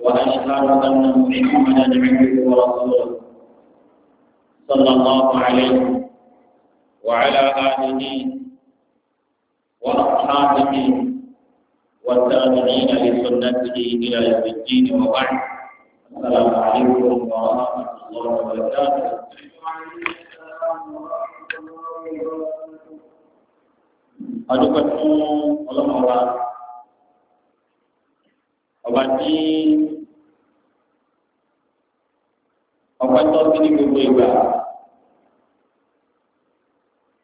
وأشهد أن محمدا عبده ورسوله صلى الله عليه وعلى آله وأصحابه والتابعين لسنته إلى يوم الدين وبعد السلام عليكم ورحمة الله وبركاته أدعوكم الله ọba tí ọba tó ti ní gbogbo ìgbà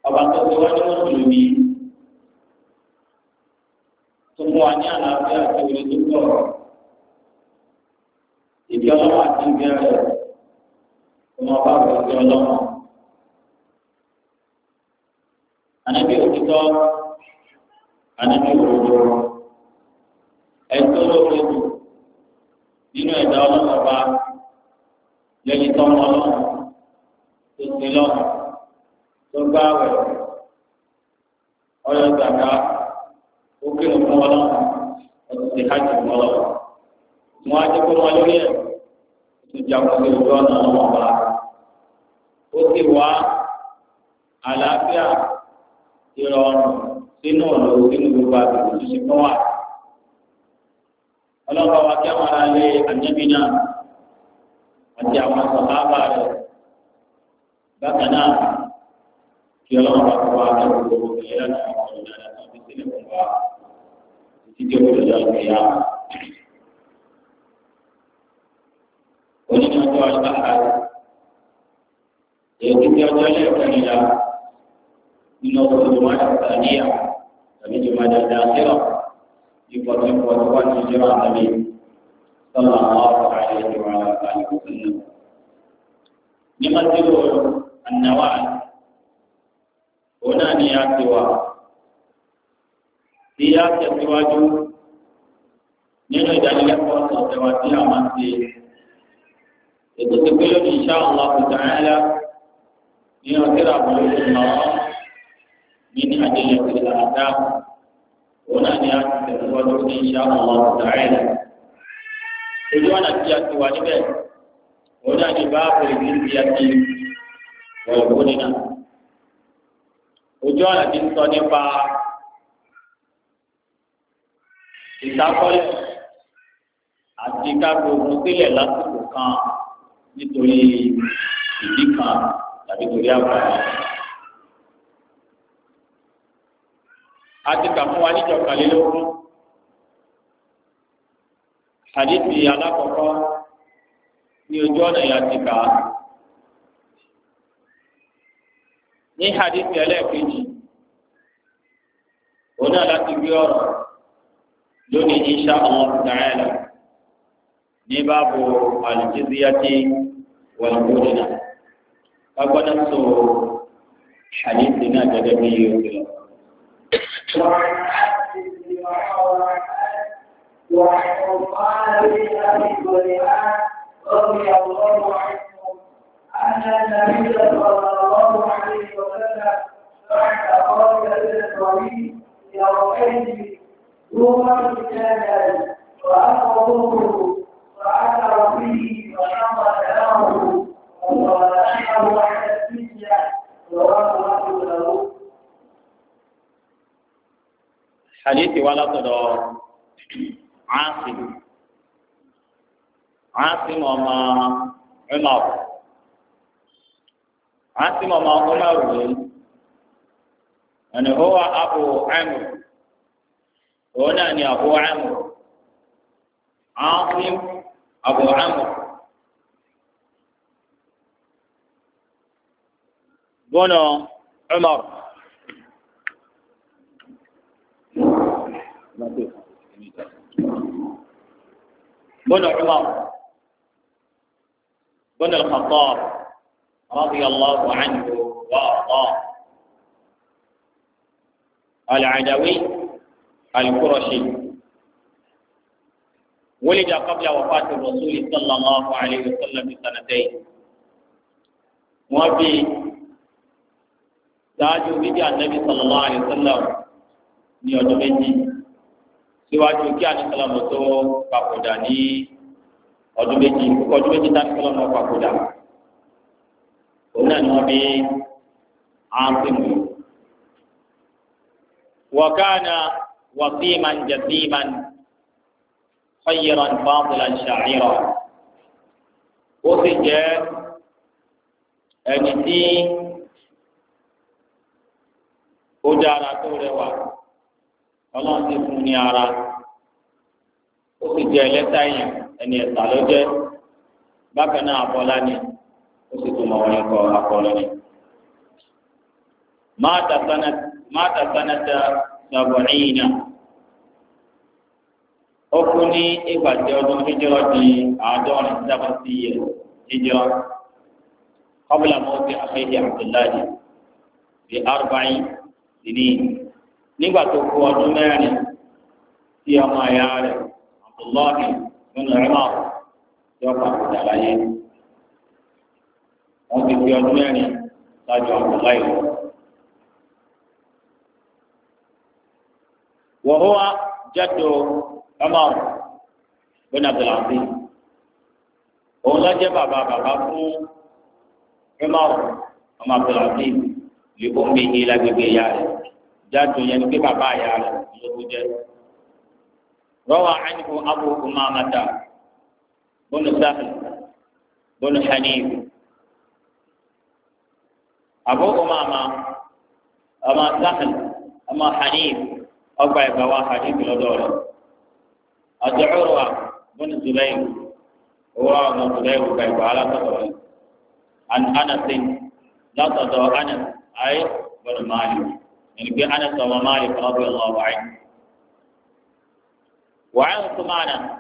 ọba tó ti wá ní mùsùlùmí tó fún wa ní àlàáfíà àti òye tó pọ̀ ìdí ọlọ́wọ́ àti ìgbé rẹ̀ tó máa bá gbogbo ọlọ́wọ́. Ànábì òtítọ́, ànábì òdodo ẹ̀tọ́ lóore jù nínú ẹ̀dá ọlọ́mọba lẹ́yìn tọ́mọ ọlọ́mọ tó ti lọ́mọ tó gbá wẹ̀ ọyọ gbàgbá ó kéré fún ọlọ́mọ ọtún ti hajj fún ọlọ́mọ wọn á jẹ́ kó wọn lórí ẹ̀ tó jà ọ̀nà ọlọ́mọba ó sì wá àlàáfíà ìrọ̀rùn sínú ọ̀nà òsínú gbogbo àgbègbè tó ṣe fún wa ọlọ́pàá wa kí àwọn ará ilé ànábì náà àti àwọn sọ̀hábà rẹ̀ bákan náà kí ọlọ́run bá kọ́ wa ní gbogbo ìlera náà àwọn ọ̀dọ́ náà tó fi sílẹ̀ fún wa títí tí ó fi lọ́jọ́ ìgbéyà. onímọ̀ tó ọjọ́ àárẹ̀ èyí tí ọjọ́ lẹ́ẹ̀kan ìlà nínú ọkọ̀ ìjọba àti àníyàn tàbí ìjọba àti àṣírọ̀. يقدم وتوجه جرى النبي صلى الله عليه وعلى آله وسلم يقدر النواة هنا نيات سوى سياسة سواجه nínú ìdánilẹ́kọ̀ọ́ ọ̀sẹ̀ wa tí a máa ń ṣe ètò tó pé lónìí insha Allah ta'ala ní ọ̀sẹ̀ àbúrò ìmọ̀ ní ní àjẹyẹ̀ ìlànà dáhùn. òun náà ni a ti tẹ̀síwájú ní iṣẹ́ àwọn ọ̀tá ẹ̀rẹ̀. ojú ọ̀nà tí a ti wà níbẹ̀ òun náà ni bá àpò ìdílé a ti wọ̀ òun nínà. ojú ọ̀nà ti sọ nípa ìdákọ́lẹ̀ àti kágbógun sílẹ̀ lásìkò kan nítorí ìdí kan tàbí torí àgbà kan. àti kà fún wa níjọ kàlélógún hadithi alákọ̀ọ́kọ́ ní ojú ọ̀nà yà ti kà á ní hadithi ẹlẹ́ẹ̀kejì òun náà láti gbé ọ̀rọ̀ lónìí insha Allah ta'ala ní báàbò al-jizyati wal-budna agbọ́dọ̀ sọ hadithi náà gẹ́gẹ́ bí yóò fi lọ. وعن عبد وعن عثمان بن ابي سليمان رضي الله عنهم ان النبي صلى الله عليه وسلم بعد خرج الى الطريق يومئذ ثم اجتهد فاخذوه فاثر فيه فشق له وصالحه على الدنيا رواه àdéhìí wa látọ̀dọ̀ ánsì ánsì mọ̀ ọmọ ẹ̀mọ̀ ánsì mọ̀ ọmọ ọmọ ẹ̀rọ ẹni ó wà abu ẹ̀mọ̀ òun náà ni عمر wọn pè fún ìní ìjà. gbọ́dọ̀ ọmọ gbọ́dọ̀ ọmọ radiyallahu anhu wa ọmọ al-Adawi al-Qurashi. ولد قبل وفاة الرسول صلى الله عليه وسلم بسنتين wọ́n bí dájú bíbí ànábì sallallahu alaihi wasallam ní ọdún méjì síwájú kí àníkàlámù tó papòdà ní ọdún méjì kókó ọdún méjì tá àníkàlámù papòdà òun náà ni wọ́n bí àǹfìmù wọ̀kánà wàsíìmán jàsíìmán khayran fadilan sha'ira ó sì jẹ́ ẹni tí ó dára tó rẹwà ọlọ́run ti fún ní ara ó sì jẹ́ ẹlẹ́tà yìí ẹni ẹ̀ta ló jẹ́ bákan náà abọ́lá ni ó sì tún mọ̀ wọn ẹ̀kọ́ akọ́lọ́ ni. má tàtánátà sàbọ̀nìyìnà ó kú ní ìgbàjẹ́ ọdún jíjọ́ di àádọ́rin sábàtì yẹ jíjọ́ kọ́bùlà mọ́tì àfẹ́jì àbdùláàdì bí arúbáyìn dìní nígbà tó kú ọdún mẹ́rin tí ọmọ ẹ̀yà rẹ̀ abdullahi nínú ẹ̀rọ tí ọkọ̀ àkùdà láyé wọ́n ti fi ọdún mẹ́rin ṣáájú abdullahi wọ̀. وهو جد عمر بن عبد العزيز òun lọ jẹ́ bàbá bàbá fún Umar ọmọ Abdulaziz lè ó mi ní lágbègbè ìyá jáde yẹn pé bàbá àyà rẹ̀ ló tó jẹ́. rọ́wà ánìkú abu umamata bọ́nù sáfì bọ́nù hanif. abu umama ọmọ sáfì ọmọ hanif ọgbà ẹ̀gbà wa hanif lọ́dọ̀ rẹ̀. àdúrà bọ́nù zubair owó ọmọ zubair ọgbà ẹ̀gbà alásọ̀tọ̀ rẹ̀. an anasin látọ̀dọ̀ anas ayé bọ́nù máàlì. يعني أنس ومالك رضي الله عنه وعن عثمان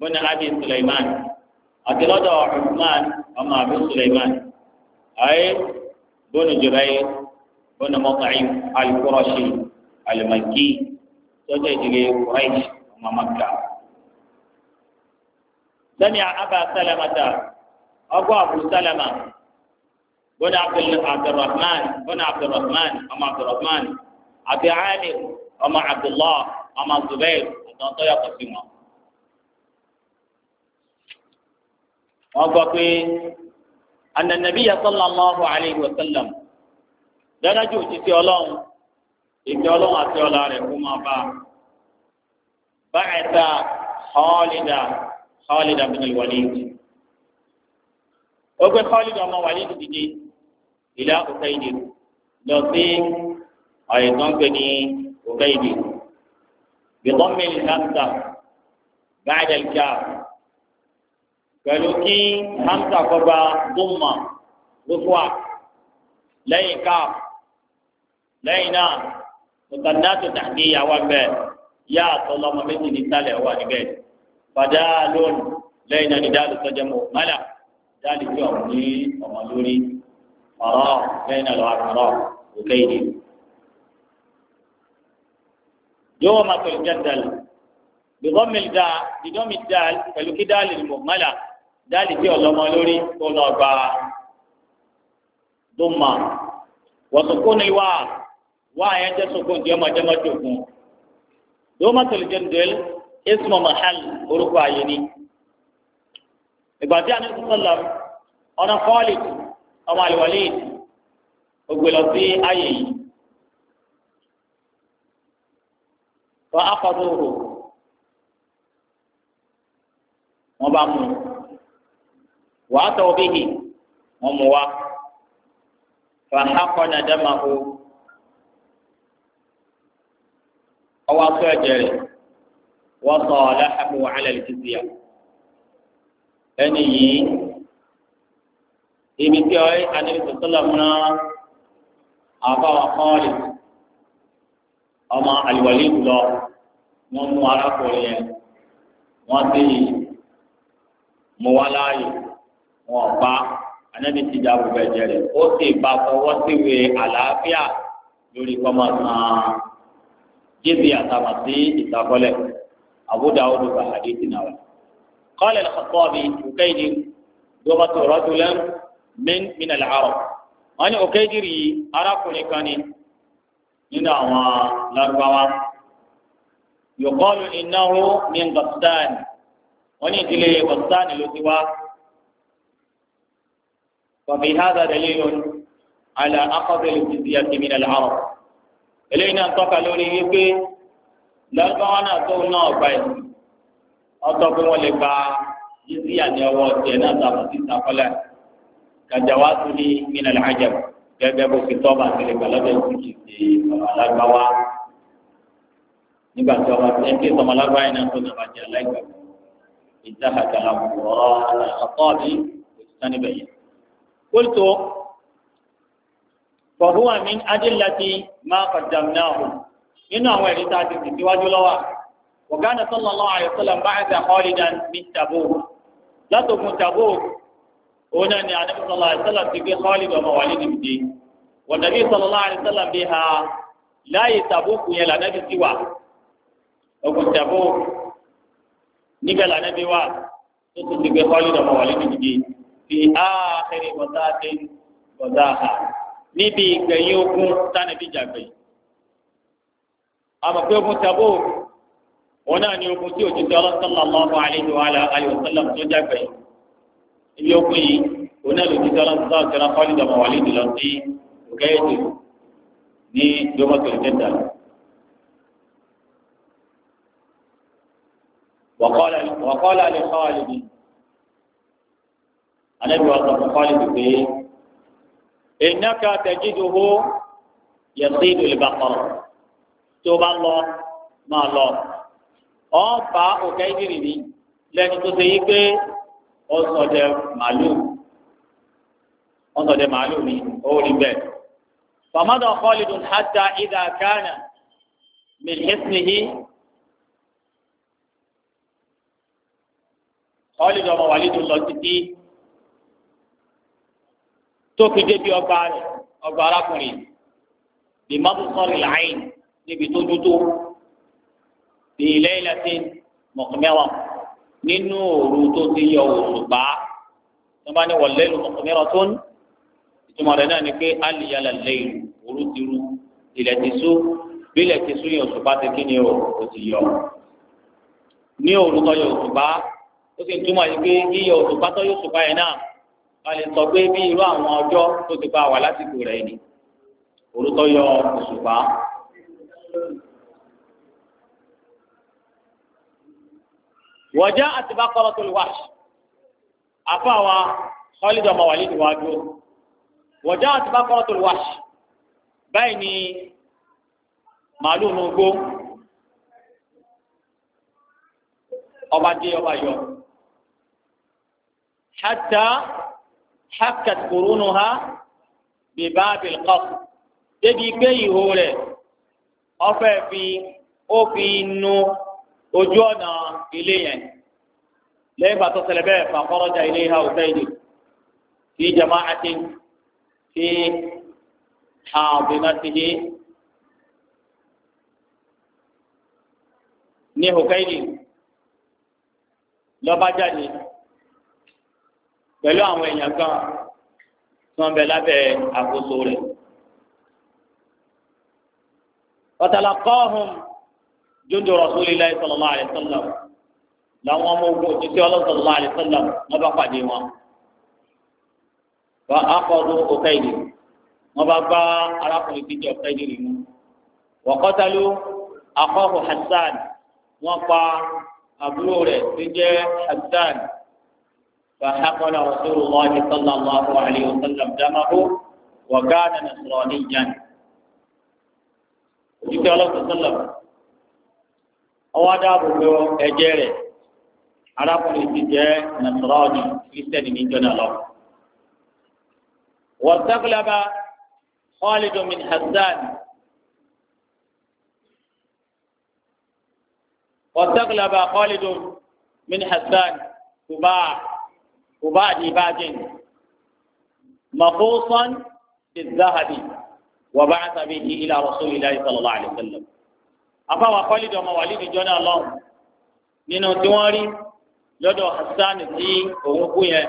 بن أبي سليمان أتلدى عثمان أما أبي سليمان أي بن جبير بن مطعم القرشي المكي تجد قريش أم مكة سمع أبا سلمة أبو أبو سلمة بن عبد الرحمن بن عبد الرحمن أما عبد الرحمن أبي عامر أما عبد الله أما الزبير أتنطي قسمه وقفي أن النبي صلى الله عليه وسلم درجة جسيولون إجيولون أتيولا ركما با بعث خالد خالد بن الوليد وقفي خالد أما وليد دي ìlà òkèèdè lọ sí ọ̀yẹ̀tọ́npẹ̀ ní òkèèdè bìtọ́mì hamza báyìlká pẹ̀lú kí hamza kọba dùnmà rúfúà lẹ́yìn káà lẹ́yìn náà mùtàdáàtò tàbí ìyàwó abẹ́ yá àtọ́lọ́mọ méjì ní sálẹ̀ wà níbẹ̀ padà lónìí lẹ́yìn náà ní dáàlú sọ́jọ́ mọ̀ mọ́là dáàlú tí ọ̀hún ní ọmọ lórí. أراه بين الأعراف وكيده يوم تجدل بضم الدال بضم الدال فلكدال المهملة دال في الله مالوري كل أربعة ضمة وسكون الواو واو يجي سكون جمع جمع جمع يوم تجدل اسم محل أرقى يني إبادة عن الصلاة أنا خالد ọmọ Al-Walid ògbè lọ sí ayé yìí wọ́n á kọ́tù rò wọ́n bá mú wọ́n á tọ́ bíyì wọ́n mú wa wọ́n á kọ́ nàdàmà hó ọwọ́ àtọ́ ẹ̀jẹ̀ rẹ̀ wọ́n sọ̀ ọ́ láhàbù wàhálà lẹ́tìtìyà ẹni yìí kiyɔɛ anabi sallam na afa wa kɔɔli ọmọ aliwali lọ wọn mú arákùnrin yẹn wọn sì mú wa láàyè wọn bá anabi ti dà bùbẹ jẹrẹ ó sì bá fọwọ́ sí wé àlàáfíà lórí kọ́mọ sàn jíjí àtàwọn sí ìtakọ́lẹ̀ Abu Dawud bá hadith náà. قال الخطابي يكيد لغة رجلا min min al-arab wọ́n ní Ukaydiri arákùnrin kan ni nínú àwọn Lárúbáwá yuqalu innahu min Ghassan wọ́n ní ìdílé Ghassan ló ti wá wa fi hadha dalilun ala akhadhi al-jizyati min al-arab eléyìí náà tọ́ka lórí wípé lọ́gbọ́n náà tó náà gba ẹ̀sìn ọtọ́ pé wọ́n lè gba yíṣíà ní ọwọ́ tiẹ̀ náà tàbí sí ìtàkọ́lẹ̀ kàjàwá tó ní nínú àjà gẹ́gẹ́ bó fi tọ́ba àtẹlẹ gbàlọ́dẹ tó ti ṣe ọ̀làgbáwá nígbà tí ọba tí ẹ ń ké sọmọlágbá yìí náà tó nà bàjẹ́ aláìgbàgbọ́ ìjà àjàlá bùrọ̀ àtọ́ àbí òṣìṣẹ́ níbẹ̀ yẹn. kóòtù fọ̀húwà mi adélàtì máa fàjàmìnáhùn nínú àwọn ẹ̀rí tá a ti tìsíwájú lọ́wọ́ ọ̀gá náà sọ́nà lọ́wọ́ àyẹ̀sọ́lá ń bá àjà họ́lídà ní tàbó látòkun tàbó òun náà ni anabi sọlá àdìsálàm ti gbé Khalid ọmọ wàlí nìbi dé wọn nàbí sọlá àdìsálàm bí ha láàyè Tabuk yẹn lànàbí sí wa ogun Tabuk níbẹ̀ lànàbí wa tó tún ti gbé Khalid ọmọ wàlí nìbi dé fi áàkiri bọ̀dá dé bọ̀dá ha níbi ìgbẹ̀yìn ogun tánàbí jàgbé àmọ́ pé ogun Tabuk wọn náà ni ogun tí òjijì ọlọ́sọ̀lá lọ́wọ́ àlejò àlẹ́ àlẹ́ òsèlè tó jàgbé yìí ilé okun yìí òun náà ló ti sára sára sára fáwọn ìdààmú wà lédè lọ sí òkè ètò ní dọ́mọ̀tò ìjẹta. وقال لخالد النبي وصف خالد به إنك تجده يصيد البقر توبا الله ما الله أو با أوكي لأن تسيك ọsọdẹ màlúù ọsọdẹ màlúù ni ó rí bẹ́ẹ̀. فمضى خالد حتى إذا كان من حسنه Khalid ọmọ Walid lọ títí tó fi débi ọgbà rẹ̀ ọgbà arákùnrin bí mọ́tòsọ́rì láàyè níbi tó dúdú bí ilé ìlẹ́sìn mọ̀kànmẹ́wàá nínú òru tó ti yọ òṣùpá wọn bá ní wọlé lu mọ̀kànlélọ́ tó ń ìtumọ̀ rẹ̀ náà ni pé alìyàlà lẹ́yìn òru ti ru ilẹ̀ ti sú bílẹ̀ ti sú yẹn òṣùpá ti kí ni o kò ti yọ ní òru tó yọ òṣùpá ó sì ń túmọ̀ yìí pé yíyọ òṣùpá tó yọ òṣùpá yẹn náà a lè sọ pé bí irú àwọn ọjọ́ tó ti pa wà lásìkò rẹ̀ ni òru tó yọ òṣùpá. wọ́jà àti baqaratul wahsh àfa wa Khalid ọmọ wàlí ni wàá dúró wọ́jà àti baqaratul wahsh báyìí ni màálù nù gbó ọba dé ọba yọ hatta hakkat qurunuha bi babil qasr débi gbé ìhó rẹ̀ ọfẹ́ fi ó fi nu. No ojú ọ̀nà ilé yẹn lẹ́yìn bàtọ ṣẹlẹ̀ bẹ́ẹ̀ fàkọrọjà ilé ha òsèyí fi jama ati fi àbínátìhí ní òkèyí lọba jáde pẹ̀lú àwọn èèyàn kan tí wọn bẹ lábẹ́ àkóso rẹ̀ ọtàlá kọ́ ọ̀hún jóńdó rasulillahi sallallahu alaihi wasallam làwọn ọmọ ogun òjíṣẹ́ Ọlọ́run sallallahu alaihi wasallam wọn bá pàdé wọn. wa akọdu ọkẹyìlì wọn bá bá arákùnrin tí jẹ ọkẹyìlì mu wa qatalu akọhu hasan wọn pa àbúrò rẹ̀ tí jẹ hasan fa hakọla rasulullahi sallallahu alaihi wasallam damahu wa gánà nasrani jan. òjíṣẹ́ Ọlọ́run sallallahu ọwọ́ dáàbò ẹ̀jẹ̀ rẹ̀ arákùnrin ti jẹ́ ọdún kírísítẹ́nì ní jọ́nà lọ. wọ́n Khalid bin Hassan wọ́sàkùlábà Khalid bin Hassan kùbá kùbá di bájìn mọ̀kúsán ti záhàbì wàbáàtàbí ilà rasulillah sallallahu alayhi wa sallam. àbáwá kọ́lídìí ọmọ wàlídìí jọ́nà lọ́hùn nínú tí wọ́n rí lọ́dọ̀ Hasan tí òun kú yẹn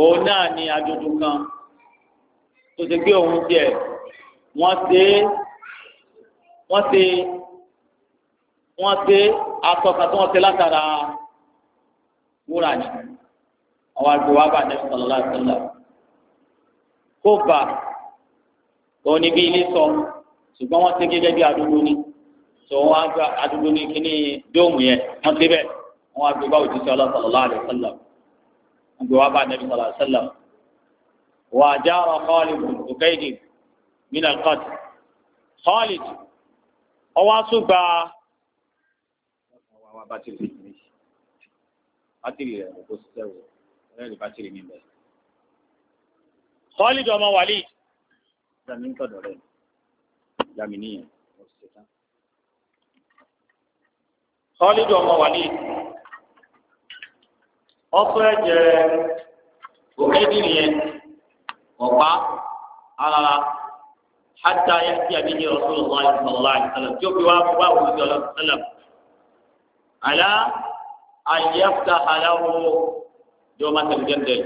òun náà ni àjòjò kan tó ti gbé òun tiẹ̀ wọ́n ṣe wọ́n ṣe wọ́n ṣe atọ́ka tí wọ́n ṣe látara wúrà ni àwọn àgbẹ̀ wa bá nẹ́bí sọ̀rọ̀ láti kó bà òun ni bí ilé sọ ṣùgbọ́n wọ́n ṣe gẹ́gẹ́ bí àdúgbò ni so wọn á gba àdúgbò ní kíní dóòmù yẹn wọn ti bẹ wọn á gbé bá òjíṣẹ́ Allah sallallahu alaihi wasallam wọn gbé wá bá Nabi sallallahu alaihi wasallam wà á já ọ̀rọ̀ Khalid Ukaidi min al-qatl Khalid ọwọ́ àtúgbà àwọn abátìrì méjì bátìrì rẹ̀ kò ṣiṣẹ́ wò ọ̀rẹ́ bátìrì mi bẹ̀. Khalid ọmọ Walid jàmí ń tọ̀dọ̀ rẹ̀ jàmí Kọ́lídù ọmọ wàlí ọfẹ jẹ òkèdì nìyẹn ọ̀pá ara hata yẹ kí abiyẹ Rasulullah sallallahu alaihi wasallam tí ó fi wá fún wa wùdí ọlọ́run sọlọ àlá àyẹ̀fà aláwo yóò má tẹ̀lé gẹ́gẹ́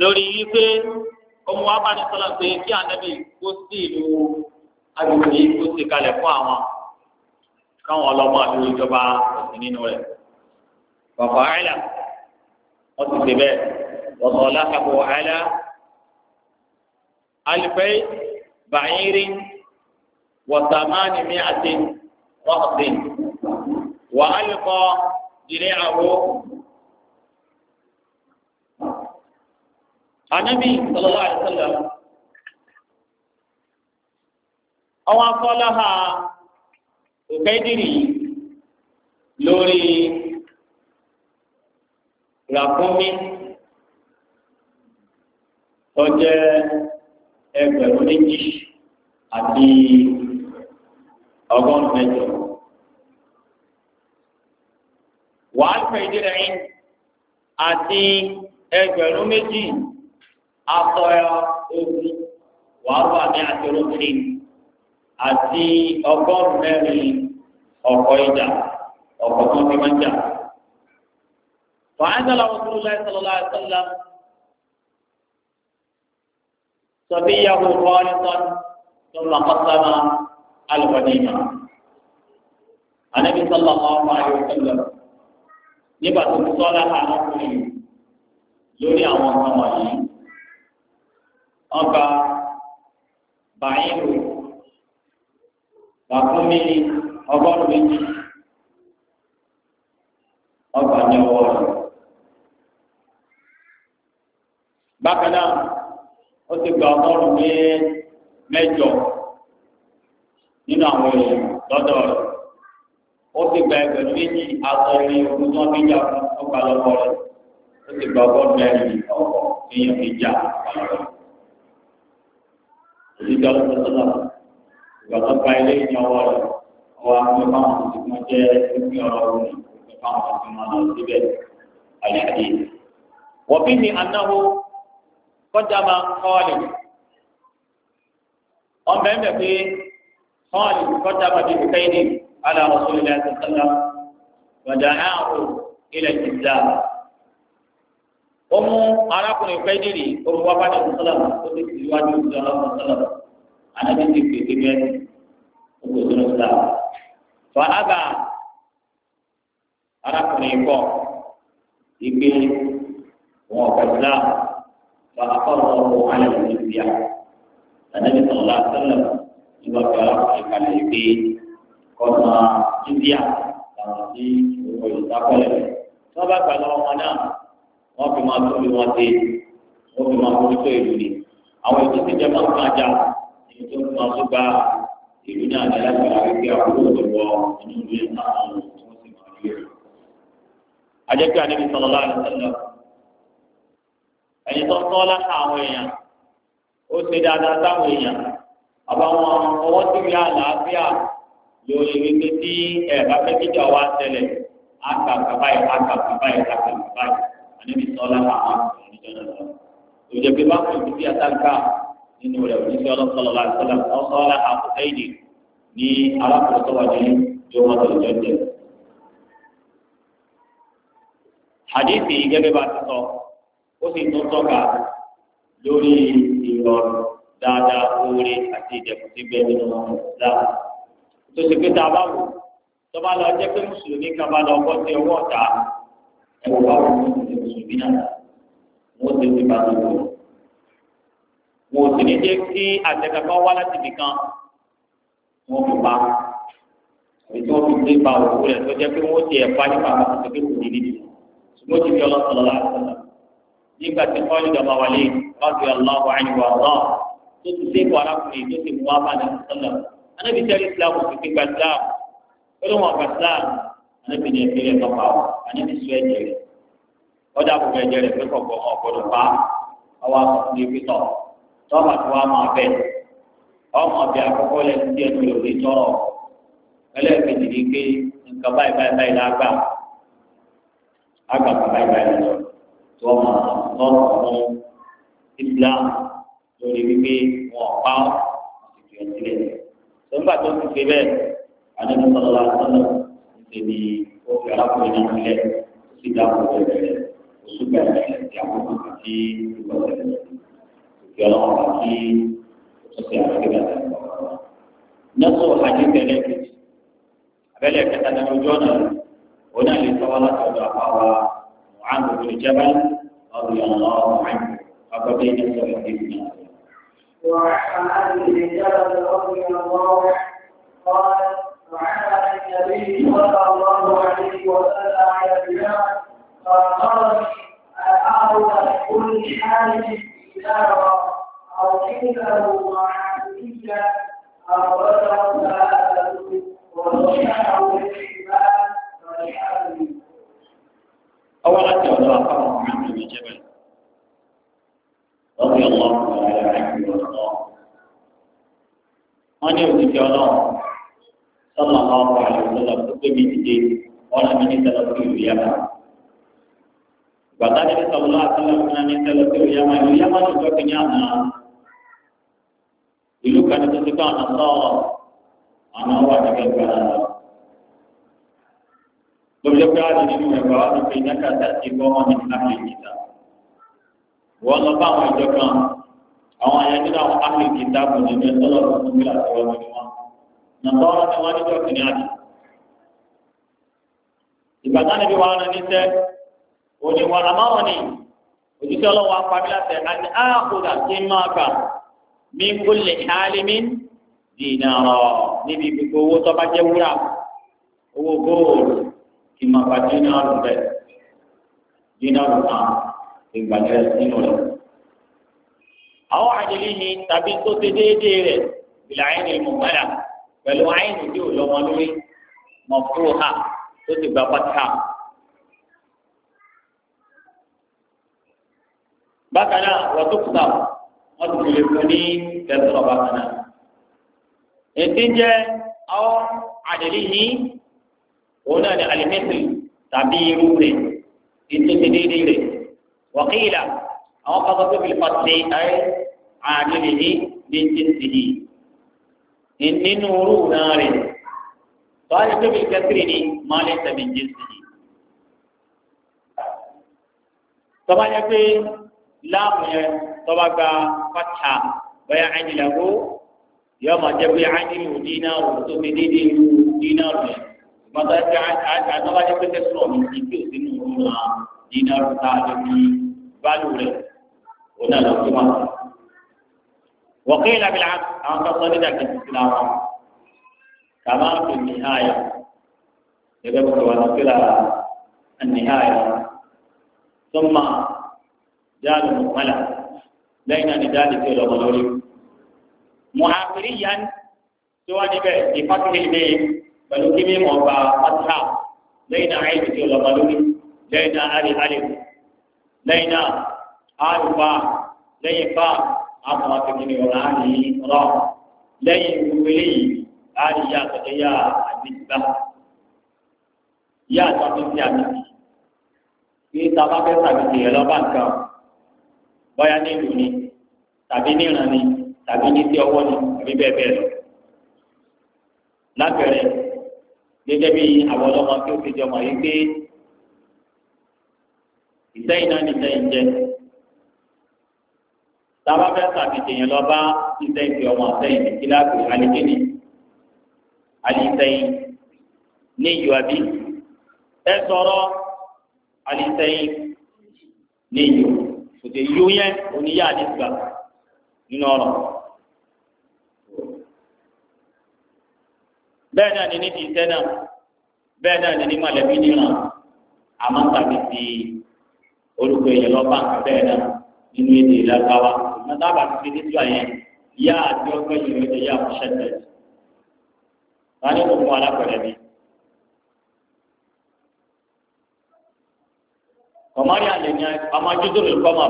lórí ife ọmọ wa bá ní sọlọ pé kí ànábì kó sí ìlú agbègbè yìí kó sì kalẹ̀ fún àwọn káwọn ọlọ́mọ àti ìjọba sí nínú rẹ̀ bàbá àìlà wọ́n ti ṣe bẹ́ẹ̀ wọ́n ọ̀la kàbọ̀ àìlà alifẹ́ bàyìrì wọ́tàmánì mi àti wọ́ọ̀sìn wà á lè kọ́ ìrẹ́ sallallahu alaihi wasallam àwọn afọláha òkèdìrì yìí lórí ràkúnmí tọjẹ ẹgbẹ̀rún méjì àti ọgọ́rùn mẹ́jọ wàá pè é dídẹ yín àti ẹgbẹ̀rún méjì atọ ogun wàá wà ní àti olókìrì àti ọgọ́rùn mẹ́rin ọkọ ìjà ọ̀pọ̀ tó fi máa ń jà. fàáńdàlà ọ̀sùn láì sọ̀lọ́lá àṣàlá sọ̀bí ìyàwó fọ́ọ̀lẹ́sọ̀n tó lọ kọ́sánà alùpàdéyà. ànábi sọ̀lọ́ ọmọ ayọ̀ sọ̀lọ́ nígbà tó ti sọ́lá àwọn ọkùnrin lórí àwọn ọmọ wọ̀nyí. ọba bàyìnrò bàkúmi ọgọ́rùn-ún méjì. ọgbà ní ọwọ́ rẹ̀. ọ náà ó ti gba ọgọ́rùn-ún ní nínú àwọn èèyàn lọ́dọ̀ rẹ̀ ó ti gba ẹgbẹ̀rún méjì àtọ̀rin ogun tí fi jà fún ọgbà ó gba èèyàn fi jà ọgbà ìgbà tó ilé ìyàwó àwọn ọmọ ti mọ káwọn òfin máa lọ síbẹ̀ àyàdé. wọ́n fi ní anáwó kọjá máa kọ́ọ̀lì wọ́n bẹ̀rẹ̀ bẹ̀ pé kọ́ọ̀lì kọjá máa bíi kẹ́hìnì ala rasulillah sallá wàjà áàrùn ilẹ̀ ìjà. ó mú arákùnrin kẹ́hìnì rí orúkọ abájọ sallá ó ti wájú sallá sallá ànábi ti fi ìgbẹ́ ó kò sọ̀rọ̀ sallá. fa arákùnrin kọ ìgbé wọn ọgbà islam fa akọrọ ọmọ alẹ ní ìgbéyà ànábi sọlá sẹlẹm nígbà tí arákùnrin kalẹ ìgbé kọsà india làwọn sí ìwọ ìdákọlẹ tí wọn bá gbà lọ́wọ́ wọn náà wọn fi máa tóbi wọn dé wọn fi máa kó tó ìlú ni àwọn ètò ìjẹ máa ń fún ajá èyí tó fi máa gba ìlú náà ní alágbèrè àgbègbè àkókò tó wọ inú ìlú náà tó ń máa ń yẹ àjẹpẹ́ àdébí sallallahu alaihi wasallam ẹ̀yìn tó tọ́ láta àwọn èèyàn ó ṣe dáadáa sáwọn èèyàn àbáwọn ọwọ́ tí wíyá àlàáfíà yóò lè rí pé tí ẹ̀ bá fẹ́ kíjà wá tẹ̀lẹ̀ àgbà kàbáyé àgbà kàbáyé àgbà kàbáyé àdébí tọ́ láta àwọn èèyàn níjọ́ náà ìjọba bá kọ̀ ìdíbí àtàkà nínú rẹ̀ oníṣẹ́ ọlọ́sọ̀lọ́lá sọ́lá ọ̀sọ́lá àkùtẹ́yìn ní alákòóso wájú yóò mọ́tò ìjọ́jẹ́. àdéhìsì yìí gẹ́gẹ́ bá ti sọ ó sì tún tọ́ka lórí ìrọ̀rùn dáadáa oore àti ìdẹ̀kùn ti bẹ nínú Islam tó ti pé tá a bá wò tó bá lọ jẹ́ pé mùsùlùmí kan bá lọ bọ́ sí ọwọ́ ọ̀tá ẹ̀wọ̀n bá wò ó ti mùsùlùmí náà wọ́n ti ti bá lọ́wọ́ wọ́n sì ní jẹ́ kí àtẹ̀kẹ́kọ́ wá láti nìkan wọ́n fi pa ètò ìgbé pa òkú rẹ̀ tó jẹ́ pé wọ́n ti ẹ̀ nípa àwọn àtẹ̀kẹ́kọ́ nílé nìkan ló ti fi ọlọ́sọ̀rọ̀ láti sọ̀rọ̀ nígbà tí kọ́lì dọ̀mà wálé báàbí ọlọ́wọ́ àyìnbó ọ̀rọ̀ tó ti dé kọ́ arákùnrin tó ti mú wá bá ní sọ̀rọ̀ anábì sẹ́rí sílámù ti fi gba sílámù ó ló wọn gba sílámù anábì ní ẹgbẹ́ rẹ̀ tọ́pa ọ̀ anábì sọ ẹ̀jẹ̀ rẹ̀ ọjà àbùkù ẹ̀jẹ̀ rẹ̀ pẹ́kọ̀ kọ́ ọ̀gbọ́dọ̀ pa ọwọ́ àkọsílẹ̀ ìpìtọ̀ tọ́ba tí wàá máa bẹ̀ ọmọ bíi àkọ́kọ́ lẹ́nu tí ẹnu yòó lè tọrọ ẹlẹ́ẹ̀kejì ní àgbà bàbá ìgbà yẹn lọ tí wọ́n máa lọ Islam lórí wípé wọn pa ọ́ ti fi ẹ̀sìn lẹ̀. sọ́gbà tó ti fi bẹ́ẹ̀ àdéhùn sọ̀rọ̀ sọ́nà ṣe ni ó fi arákùnrin náà sílẹ̀ ó sì dá àwọn ọ̀rẹ́ rẹ̀ oṣù bẹ̀rẹ̀ àti àwọn ọmọ tí ìgbà sẹ̀rẹ̀ òkè ọlọ́wọ́ bá kí ó ṣe àgbẹ̀gbẹ̀ àti ìgbà wọn. nọ́ọ̀sì àdéhùn ẹlẹ́kẹ̀jì abẹ́lẹ̀ kẹta ní ojú ọ̀nà rẹ̀. هنا لتولد أبا معاذ بن جبل رضي الله عنه أبدين سيدنا وعن بن جبل رضي الله عنه قال وعن النبي صلى الله عليه وسلم على بلال فقال أعرض لكل حال إدارة أو عنده معاذية أو أو رد ولا أقام محمد بن جبل رضي الله تعالى عنه وأرضاه wọ́n ní òtítọ́ náà sọ́nà náà wà lọ́sọ̀lá tó tóbi dìde wọ́n náà ní sọ́nà tó ìlú yàmá. Bàtà ní sọ́nà náà sọ́nà tó náà ní sọ́nà tó ìlú yàmá ìlú yàmá ní ìjọ́ kìíní àná. Ìlú kan ní tó ti bá àná sọ́ọ̀ àná wà ní gbẹ̀gbẹ̀ àná nínú ẹ̀kọ́ láti fi nẹ́kàtà sí bọ́mọ́ ní áfíríkìtà. wọ́n lọ bá àwọn ìjọ kan àwọn àyàn nínú àwọn áfíríkìtà kò ní bẹ́ẹ̀ sọ́lọ́ tuntun bí láti wọ́n ní wọn. nàtọ́ wọn ni wọ́n ní jọ́ kìnìún àjò. ìbátan níbi wàhánà níṣẹ́ òní wọn àmáwọn ni òjíṣẹ́ ọlọ́wọ́ apábí láti àti àkùdà kí n máa kà mí kó lè hálímí dìnnà níbi gbogbo owó tó bá jẹ́ wúrà owó góòlù ìmọ̀ àgbà dínàrù rẹ̀ dínàrù kan ìgbàlẹ̀ sínú rẹ̀. àwọn àjèlé ni tàbí tó ṣe déédéé rẹ̀ ìlà àyìn ìmọ̀gbára pẹ̀lú àyìn ìdí òlọ́mọ lórí mọ̀fúrò ha tó ti gba pátá. bákan náà wọ́n tó kúta wọ́n ti lè fún ní tẹ̀sán bákan náà. ètí jẹ́ àwọn àjèlé yìí. òun náà ni alimẹsìl tàbí irú rẹ̀ ìtòsí déédéé rẹ̀ wàkìlà àwọn kan sọ pé filipati ayé àdìrì ní bíntì sìhì nínú orú náà rẹ̀ tọ́jú pé filikẹ́sìrì ni màálẹ̀ tàbí jẹ́sìhì. tọ́ba yẹ pé láàmù yẹn tọ́ba gba fàtà bẹ́ẹ̀ ànyìnlẹ̀ kó yọ ọmọ jẹ́ pé ànyìnlẹ̀ ò dín náà ò tó fi dín dín irú dín náà rẹ̀. mọ̀tà tí àtàwájẹ́ pé tẹ̀sán ọ̀hún ti kí òsì nù ọ̀hún náà nínú ọ̀tá àti bálù rẹ̀ òun náà lọ́ọ́ tó wà. wọ́kẹ́ ìlàbílà àwọn tó sọ nígbà kejì sí làwọn kàmá fi ní àyà gẹ́gẹ́ bí wọ́n ti kíra ní àyà tó ma jáde mọ̀mọ́lá lẹ́yìn náà ni jáde tó lọ́mọ lórí. muhafiri yan tó wà níbẹ̀ ìfọ́tìlì bẹ́ẹ̀. pẹ̀lú kí mímọ̀ ọba ọ̀tá lẹ́yìn náà ayé tí ó lọ́ba lórí lẹ́yìn náà alẹ́ alẹ́ lẹ́yìn náà alùpà lẹ́yìn ọ̀la rọ lẹ́yìn yá yá sí kí ẹ̀ lọ́ba nǹkan bọ́yá ni tàbí ni tàbí ní sí gẹ́gẹ́ bí àwọn ọlọ́mọ tí ó fi jọ mọ̀ yìí pé ìsẹ́yìn náà ní ìsẹ́yìn jẹ sábà fẹ́ sàkìtì yẹn lọ bá ìsẹ́yìn fi ọmọ àtẹ́yìn ní kíláàsì alìkíní alìsẹ́yìn ní ìyó ẹ sọ̀rọ̀ alìsẹ́yìn ní ìyó òde yó yẹn oníyá àdìsígbà nínú ọ̀rọ̀. bẹ́ẹ̀ náà ní ní ti iṣẹ́ náà bẹ́ẹ̀ náà ní ní mọ̀lẹ́bí níran àmọ́ tàbí ti olùkọ́ èèyàn lọ́ba bẹ́ẹ̀ náà nínú èdè ìlàgbáwa ṣùgbọ́n dábàá ti fi nítorí àyẹn yá àti ọgbẹ́ yìí ló yá àmúṣẹ́ tẹ̀. wọ́n á ní kó alápẹ̀rẹ̀ mi. kọ̀mọ́rí àlè ni ọmọ ajúdúró kọ́mọ̀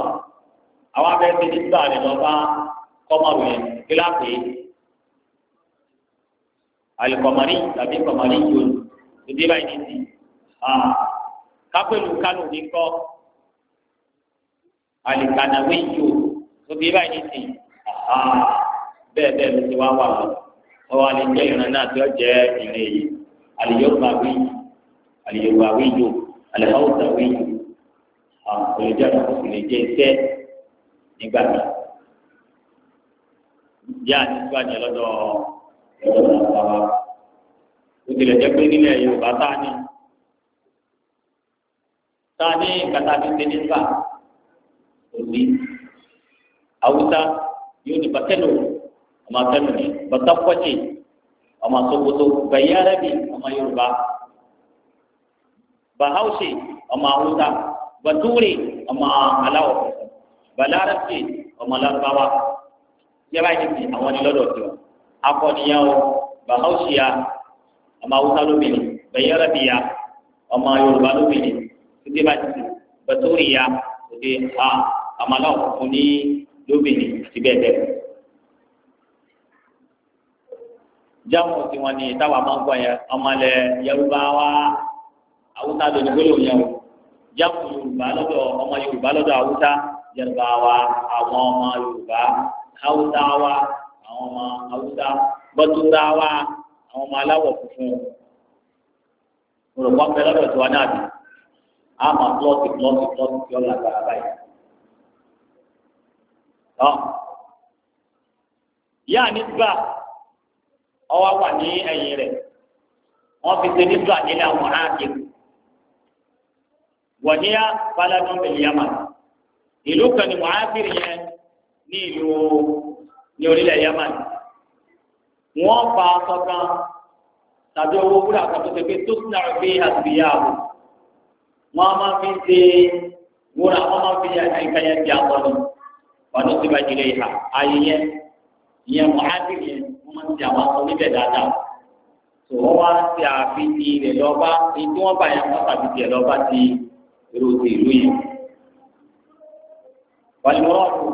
àwọn abẹ́ẹ́ ti ní gbà rẹ̀ lọ́ba kọ́mọ̀ rẹ̀ kíláàpù alikọmari tàbí kọmari yòó ìdí báyìí ní ti kápẹ́lú kánò ní kọ́ alikanawe yòó ìdí báyìí ní ti bẹ́ẹ̀ bẹ́ẹ̀ ló ti wá wà lọ ọwọ́ alijẹ́ ìran náà tí ó jẹ́ ìrìn èyí aliyọba wi aliyọba wi yòó alihawusa wi yòó olùjẹ́ àwọn olùjẹ́ iṣẹ́ nígbà tí yáa ti tó àjẹ lọ́dọ̀ lọ́dọ̀ àbáwá. Ó tilẹ̀ jẹ́ pé nílẹ̀ Yorùbá tá a ní tá a ní kàtà ní Tẹ́lifà òní. Awúsá yóò ní bàtẹ́lò ọmọ akẹ́lò ní bàtàkọ́jì ọmọ Sokoto Bayarabi ọmọ Yorùbá. Bahaushe ọmọ Awúsá Bature ọmọ Aláwọ̀ Balarabe ọmọ Lárúbáwá. Yẹ́rọ àyè ti àwọn ni lọ́dọ̀ tiwọn akọniyawo bahausiya ọmọ awusa lóbìnrin bẹyẹrẹbiya ọmọ yorùbá lóbìnrin títí bá ti bẹtúrìya òde a amala òkùnkùn ní lóbìnrin ti bẹ́ẹ̀ bẹ́ẹ̀. jáwọn tí wọn ní táwa máa ń gbọ́ yẹn ọmọlẹ yorùbá wa awusa lóni gbólóhùn yẹn o jáwọn yorùbá lọ́dọ̀ ọmọ yorùbá awusa yorùbá wa àwọn ọmọ yorùbá àwọn ọmọ haúsá gbọ́túndá wa àwọn ọmọ aláwọ̀ funfun olùkọ́ fẹ́ lọ́dọ̀ tí wọ́n náà dì á máa plọ́ọ̀tì plọ́ọ̀tì plọ́ọ̀tì tí ó lágbára báyìí. tọ́ yá nígbà ọwọ́ wà ní ẹ̀yìn rẹ̀ wọ́n fi ṣe nígbà nílé àwọn aráàlú wọ̀nyíyá faladun bẹ̀lẹ́yàmà ìlú kan ní mọ̀áfíìrì yẹn ní ìlú ní orílẹ̀ Yemen wọ́n fa aṣọ kan tàbí owó wúrà kan tó ṣe pé tó sì náà gbé àgbéyàwó wọ́n máa fi ṣe wúrà wọ́n máa fi ẹ̀ka yẹn di àtọ̀ ni wọ́n ti bá jìlẹ̀ ìhà ayé yẹn ìyẹn mọ̀hádì yẹn wọ́n máa ń ti àwọn aṣọ níbẹ̀ dáadáa tó wọ́n wá ti àfi rẹ̀ lọ́ba èyí tí wọ́n bá yẹn wọ́n tàbí tiẹ̀ lọ́ba ti èrò ti ìlú yẹn. wàlúwọ́ọ̀dù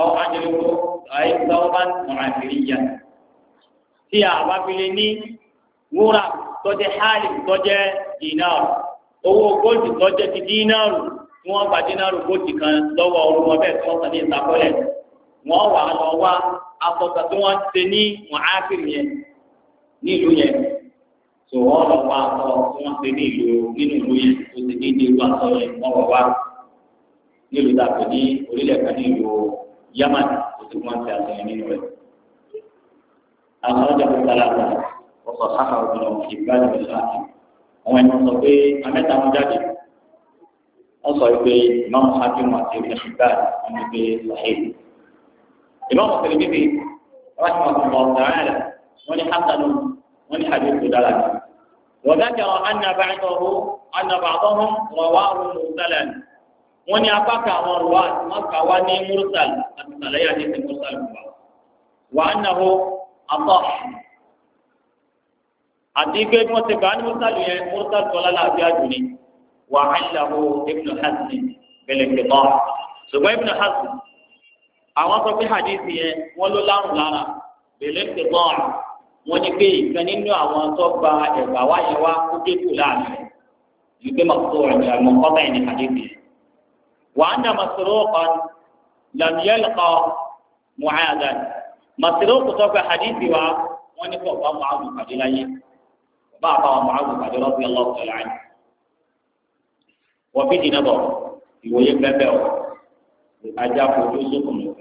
àwọn àjẹlókò àyè sọ́ọ́bà mọ̀rànfìríyà tí a bá fi lè ní wúrà tọ́jẹ́ hálì tọ́jẹ́ dínárù owó góòlù tọ́jẹ́ ti dínárù tí wọ́n gba dínárù góòlù kan lọ́wọ́ ọ̀rùn wọn bẹ́ẹ̀ tí wọ́n sàn ní ìsàkọ́lẹ̀ wọ́n wà lọ wá afọ́sà tí wọ́n ṣe ní mọ̀rànfìrí yẹn nílùú yẹn tó wọ́n lọ wá sọ tí wọ́n ṣe ní ìlú nínú ìlú yẹn tó ti ní ìdí ìlú àtọ́ yẹn wọ́n wà wá nílùú tàbí orílẹ̀ kan ní yaman kò sí wọn ti àtẹ̀yìn nínú rẹ̀. àwọn ọjà kò sára lọ wọ́n sọ sáfà òkúlọ̀ ìgbàlù ìṣáàtì àwọn ẹni sọ pé amẹ́ta wọn jáde wọ́n sọ pé ìmáàmù hakimu àti ìgbà wọn ni pé sahib. ìmáàmù kiri bíbí rahma allah ta'ala wọn ni hasanu wọn ni hadithu dára ni. وذكر أن بعضه أن بعضهم رواه مرسلا wọ́n ní apá kan àwọn ọ̀rọ̀ àti wọ́n kà wá ní mursal àti sàlẹ́yà ní ti mursal wà. wà á nàwó àtọ̀ àti pé bí wọ́n ti gbà á ní mursal yẹn mursal tó lálẹ́ àbí àdùnní wà á nàwó ibn hasan bẹ̀lẹ̀kẹ̀ bọ́. ṣùgbọ́n ibn hasan àwọn sọ pé hadith yẹn wọ́n ló lárùn lára bẹ̀lẹ̀kẹ̀ bọ́ wọ́n ní pé ìkan nínú àwọn tó gba ẹ̀gbà wáyé wá kó dé láàrin yìí pé màkútó rẹ̀ mọ̀kọ́tà ẹ̀ ní hadith yẹn. وأن مسروقا لم يلقى معاذا مسروق سوف حديثي ونفق معاذ قليلين وبعض معاذ قد رضي الله تعالى عنه وفيه نظر يقول بابه أجاب جزءكم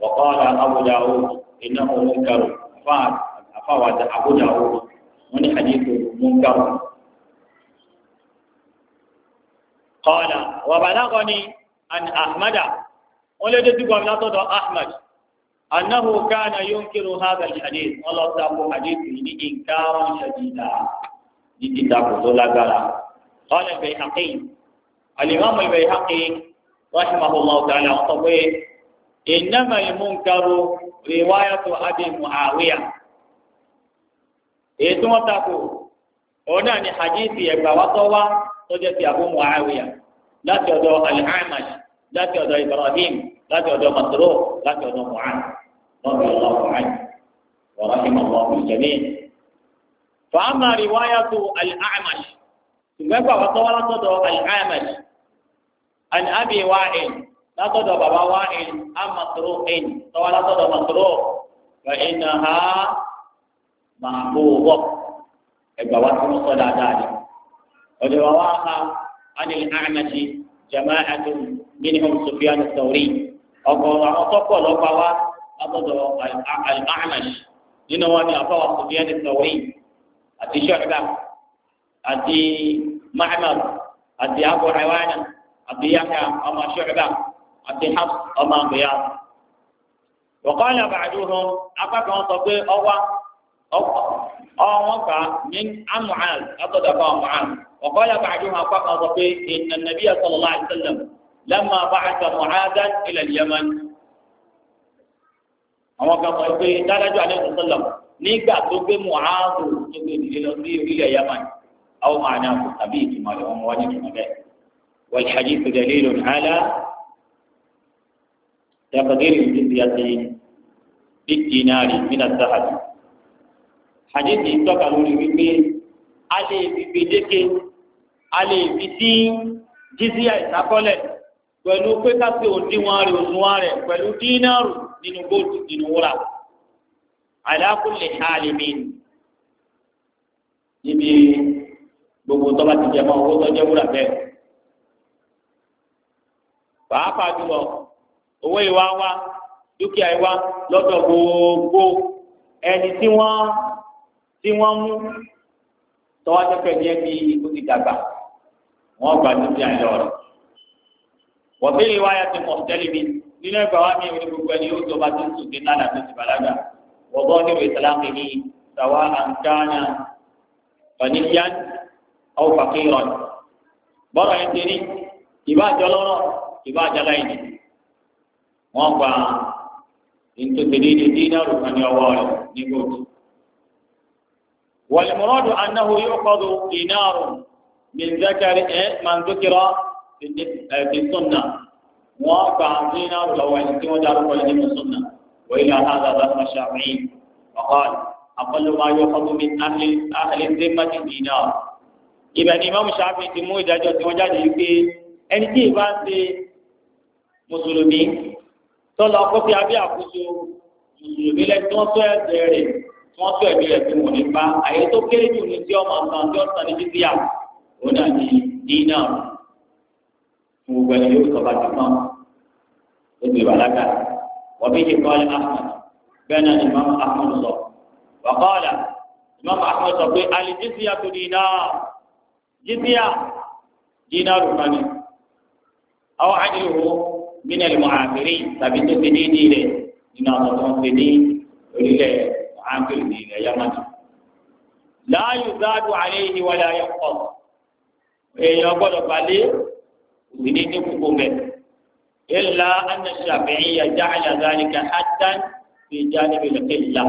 وقال أبو داود إنه منكر فاز أفوز أبو داود من حديث منكر kọ́ọ̀dà wàbàlágọ́ ni an ahmada wọ́n lé dédú gbọ́n látọ̀dọ̀ ahmad annahu kana yunkiru hadha alhadith wọ́n lọ sàkó hadith yìí ní inkaran shadida ní títàkù tó lágbára قال البيهقي الإمام البيهقي رحمه الله تعالى وطبعه إنما المنكر رواية أبي معاوية إيه تمتاكو òun náà ni hadithi ẹgbà wa tó wá tó jẹ́ ti Abu Muawiya láti ọ̀dọ̀ al-Amash láti ọ̀dọ̀ Ibrahim láti ọ̀dọ̀ Masruq láti ọ̀dọ̀ Mu'adh lọ́dọ̀ ọlọ́wọ́ àyè wa rahimallahu al-jami'. fa amma riwayatu al-Amash ṣùgbọ́n ẹgbà wa tó wá látọ̀dọ̀ al-Amash an Abi Wa'il látọ̀dọ̀ bàbá Wa'il an Masruqin tó wá látọ̀dọ̀ Masruq fa innaha mahbubah. ẹgbà wa tí wọ́n sọ dáadáa ni. ọ̀dọ̀ wa wá ha ani àmàṣe jama àtún minhum Sufyan Thawri ọkọ̀ àwọn tọ́kọ̀ lọ́pàá wa látọ̀dọ̀ al-A'mash nínú wọn ni àfọwọ́ Sufyan Thawri àti Shu'ba àti Ma'mar àti Abu Awana àti Yahya ọmọ Shu'ba àti Hafs ọmọ Ghiyath. wa qala ba'duhum apá kan sọ pé ọwọ́. ọwọ́n ká ní amuaz atọ́dọ̀kọ́ amuaz ọ̀kọ́lá bàjúmọ̀ akọ́kọ́ sọ pé ìnà nàbíyà sọlọ́lá àìsílẹ̀m lẹ́mà bàjá muazan ilẹ̀ yẹmẹn. àwọn kan sọ pé dáadájú alẹ́ sọlọ́m nígbà tó gbé muazu tó gbé ìdílé lọ sí ilẹ̀ yẹmẹn àwọn máa ní àpò tàbí ìtumọ̀ rẹ̀ wọn wọ́n ní ìtumọ̀ bẹ́ẹ̀. wọ́n ṣàjì ìpìlẹ̀ lílo nàálà tẹ̀kọ̀dé àdéhùn ìtọ́ka lórí wípé a lè fi gbèdéke a lè fi sí jísíà ìsákọ́lẹ̀ pẹ̀lú pé ká pé òdiwọ̀n rẹ̀ òṣùwọ̀n rẹ̀ pẹ̀lú dínárù nínú góòtù nínú wúrà ala kulli halimin níbi gbogbo tọ́ba ti jẹ mọ́ owó tó jẹ́ wúrà bẹ́ẹ̀ pàápàá jùlọ owó ìwá wa dúkìá ìwá lọ́dọ̀ gbogbo ẹni tí wọ́n tí wọ́n mú tọ́wájú pẹ̀lú ẹbí ó ti dàgbà wọ́n gbà níbi àyọ̀ rẹ̀. wọ́n bí ìwà ayé ti mọ̀ tẹ́lẹ̀ mi nínú ẹgbẹ́ wa mi ní gbogbo ẹni yóò tó bá ti ń sùn dé lánàá tó ti bàlágà wọ́n bọ́ nínú ìsìlámù ní sàwa àǹkáná ọ̀nìyàn ọ̀hún fàkìrọ̀n. bọ́ọ̀rọ̀ yẹn ti rí ìbá àjọlọ́rọ̀ ìbá àjọláyìn wọ́n gba ní والمراد أنه يؤخذ دينار من ذكر إيه؟ من ذكر في آه، السنة وقع دينار لو احتمى دار في السنة وإلى هذا ذهب الشافعي وقال أقل ما يؤخذ من أهل أهل الذمة دينار إذا الإمام الشافعي تمو إداجة وجاجة يقول أنت تيبان مسلمين tọ́lá في أبي a bí àkóso mùsùlùmí lẹ́yìn wọ́n tó ẹ̀mí rẹ̀ tó wò ní bá àyè tó kéré jù ní tí ọmọ nǹkan tí ó san ní títí à ó náà ní dínà fún gbogbo ẹni yóò sọba tó kàn ó ti bàlágà wọ́n bí ti kọ́lé ahmed bẹ́ẹ̀ náà ni mama ahmed sọ wọ́n mama ahmed sọ pé alìjísíyà tó dínà jísíyà dínà rùmánì àwọn àdìrò mí nà lè mọ àbírí tàbí tó ti dín ní rẹ̀ nínú tó ń ti ní orílẹ̀ ángel ní ilẹ̀ yamani láàyò záàdù àlẹ́ yìí wà láyé pọ̀ èèyàn gbọ́dọ̀ balẹ̀ òsì ní ní gbogbo mẹ́ ilà anna shafi'iyya ja'ala zalika haddan fi janibi al-qilla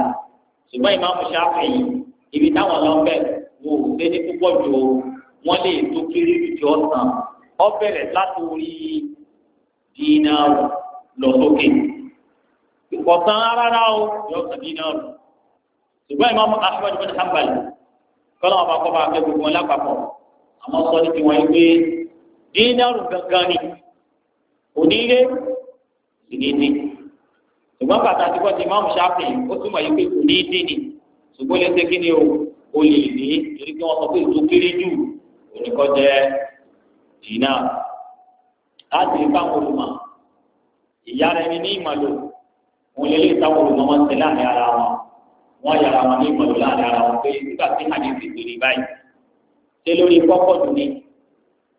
ṣùgbọ́n ìmáàmù shafi'i ibi táwọn lọ bẹ̀ wò ó ṣe ní púpọ̀ jù ó wọ́n lè tó kéré ju jọ sàn ọ bẹ̀rẹ̀ láti orí dínà lọ sókè ìkọ̀sán rárá o yọ sàn dínà lọ ṣùgbọ́n Imam Ahmad bin Hanbal kọ́lá wọn bá kọ́ bá a fẹ́ gbogbo wọn lápapọ̀ àmọ́ sọ ní tiwọn yìí pé dínárù gangan ni onílé ìdíje ṣùgbọ́n pàtàkì kọ́ ti Imam Shafi'i ó túmọ̀ yìí pé onídé ni ṣùgbọ́n lè ṣe kí ni o o lè ní torí pé wọ́n sọ pé ètò kéré jù oníkọ́ jẹ́ dínárù láti rí fáwọn olùmọ̀ ìyára ẹni ní ìmọ̀lò òun lè lè táwọn olùmọ̀ tẹ̀lé àárín ara wọn wọ́n yàrá wọn ní ìmọ̀lú láàrin ara wọn pé nígbà tí àdéhùn ìwé rí báyìí ṣé lórí kọ́kọ́ dùn ni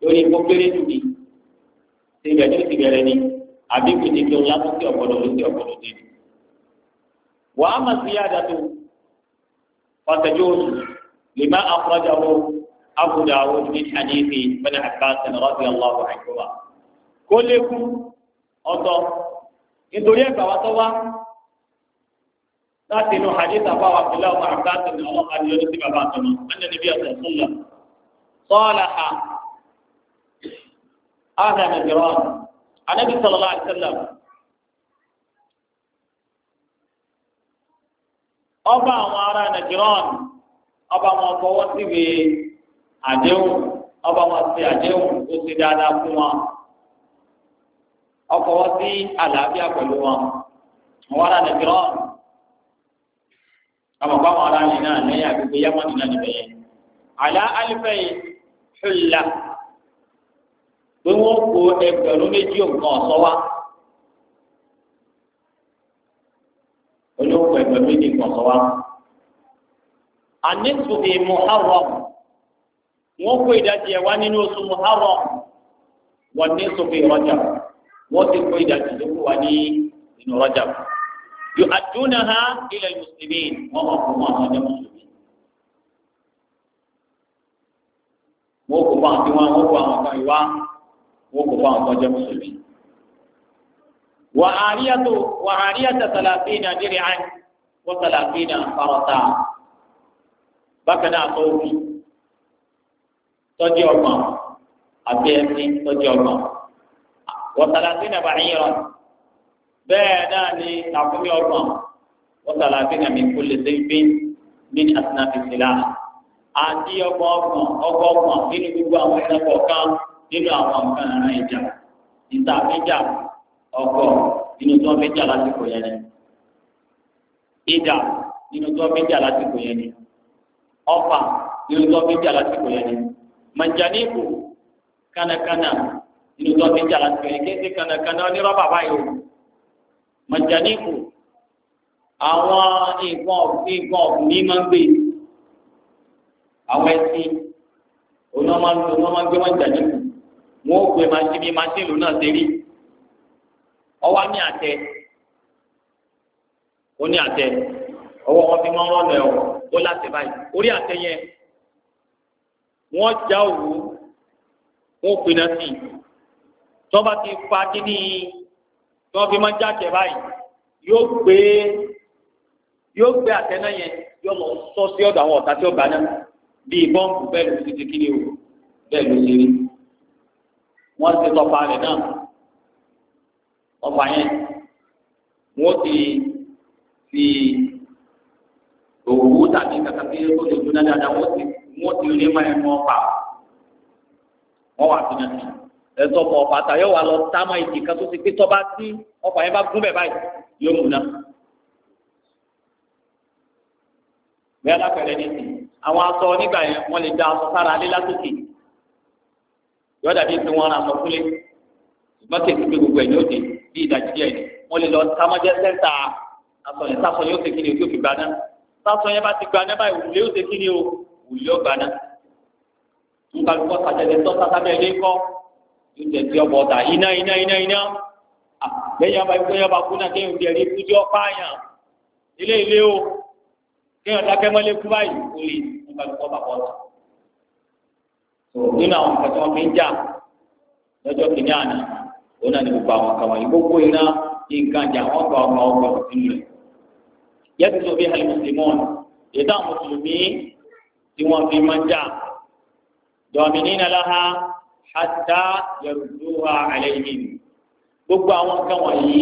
lórí kókéré dùn ni ṣé bẹ̀rẹ̀ ti bẹ̀rẹ̀ ni àbí kìdìkì ọ̀la tó ti ọ̀gbọ̀dọ̀ ló ti ọ̀gbọ̀dọ̀ dé ni. wàá mà sí yáda tó ọ̀tẹ̀jú oṣù lèmi àkọ́jà wo Abu Dawud ní àdéhùn bẹ́ẹ̀ àgbàṣe rọ́bì aláwọ̀ àìkúwa kó lékún ọ̀tọ̀ nítorí ẹ̀gbà láti inú hadith àbá wa fìlà ọmọ àbáṣe ní ọlọ́pàá ní ọdún sí bàbá àtọ̀nà ẹni níbi ọ̀sẹ̀ sọ́lá sọ́ọ̀lá ha ahà nàìjíríà anábì sọ̀rọ̀lá àtẹ́lẹ̀ ọba àwọn ará nàìjíríà ọba wọn fọwọ́ síbi àdéhùn ọba wọn sí àdéhùn ó sì dáadáa fún wọn ọkọ̀ wọ́n sí àlàáfíà pẹ̀lú wọn wọn ará nàìjíríà àmọ́ báwọn ará yìí náà lẹ́yìn àgbègbè yamani náà níbẹ̀ yẹn àlá alifẹ hula pé wọn kó ẹgbẹ̀rún méjì nǹkan ọ̀sọ́ wa olóko ẹgbẹ̀rún méjì nǹkan ọ̀sọ́ wa anisubi muharram wọn kó ìdajì ẹ wá nínú oṣù muharram wọn ní sọfì rọjà wọn ti kó ìdajì tó kú wa ní inú rọjà. يؤدونها إلى المسلمين وهم هم المسلمين wọ́n kò bá àti wọn wọ́n kò àwọn kan ìwá wọ́n kò bá àwọn kan jẹ́ mùsùlùmí. wà á rí ẹ̀tọ́ wà á rí ẹ̀tọ́ sàlàfínà dìrì àn wọ́n sàlàfínà farata bákan náà tó wù tọ́jú ọgbọ̀n àti ẹ̀sìn tọ́jú ọgbọ̀n wọ́n sàlàfínà bàyìí rọ̀ bẹ́ẹ̀ náà ni làkúnmí ọgbọ̀n wọ́tàlá bí nàmi kó lè dé bí ní àtúnáfíìsílá àti ọgbọ̀n ọgbọ̀n ọgbọ̀n nínú gbogbo àwọn ẹranko kan nínú àwọn nǹkan ara ìjà ìta méjà ọkọ nínú tó méjà lásìkò yẹn ni ìdà nínú tó méjà lásìkò yẹn ni ọfà nínú tó méjà lásìkò yẹn ni màjàníkù kánakáná nínú tó méjà lásìkò yẹn ni kéde mọ̀jáníkù àwọn nǹkan ọ̀gbìn nǹkan ọ̀gbìn máa ń gbé àwọn ẹṣin oní wọn máa ń oní wọn máa ń gbé mọ̀jáníkù wọn ò gbé màsín bí màsín ìlú náà ṣe rí ọwọ́ ní àtẹ ó ní àtẹ ọwọ́ wọn fi máa ń rọ́ọ̀lẹ̀ ọ̀ ó láti báyìí orí àtẹ yẹn wọ́n já òwú wọ́n pinna sí tọ́ba ti fa kí ni tí wọ́n fi máa ń jáde báyìí yóò gbé yóò gbé àtẹná yẹn yóò lọ sọ sí ọ̀dọ̀ àwọn ọ̀tá tí ó gbà náà bíi bọ́ǹkù bẹ́ẹ̀ ló ti di kíni o bẹ́ẹ̀ ló ti rí wọ́n ti tọpa rẹ̀ náà ọ̀pá yẹn wọ́n ti fi òwú tàbí kàkà bí ó lè dúná dáadáa wọ́n ti wọ́n ti rí máa ń mọ́ pa wọ́n wà fi náà sí ẹ̀sọ́ ọkọ̀ ọ̀fàtà yóò wà lọ támà ìdí kan tó ti pé tọ́ba tí ọkọ̀ yẹn bá gún bẹ̀ báyìí yóò mú náà. bẹ́ẹ̀ alápẹ̀rẹ̀ ní ti àwọn aṣọ nígbà yẹn wọ́n lè da aṣọ sára alé látòkè yóò dàbí pé wọ́n ra aṣọ fúnlé ṣùgbọ́n kèké pé gbogbo ẹ̀ yóò dé bí ìdajì díẹ̀ ni wọ́n lè lọ támájẹ́ sẹ́ńtà aṣọ yẹn sáṣọ yóò ṣe kíni o yóò fi gbaná sáṣọ yẹn bá ti gbaná báyìí òrùlé yóò oúnjẹ tí ọmọ ọ̀tà iná iná iná iná lẹ́yìn ọba ìpínlẹ̀ ọba kú náà kéèyàn jẹ̀rí kú jọ pààyàn ilé ilé o kéèyàn dákẹ́ mọ́lé kú báyìí kò lè nípa lùkọ́ bàbá ọ̀tà. nínú àwọn nǹkan tí wọ́n fi ń jà lọ́jọ́ kìíní àná òun náà ní gbogbo àwọn kan wọ̀nyí gbogbo iná nǹkan jà wọ́n gba ọmọ ọgbà nínú rẹ̀. yẹ́sì tó bí alimusimọ́ọ̀nù ètò àwọn mùsùlùmí tí wọ́n fi máa ń jà dọ̀mìnínà láha hatta yarudduha alayhim gbogbo àwọn nǹkan wọ̀nyí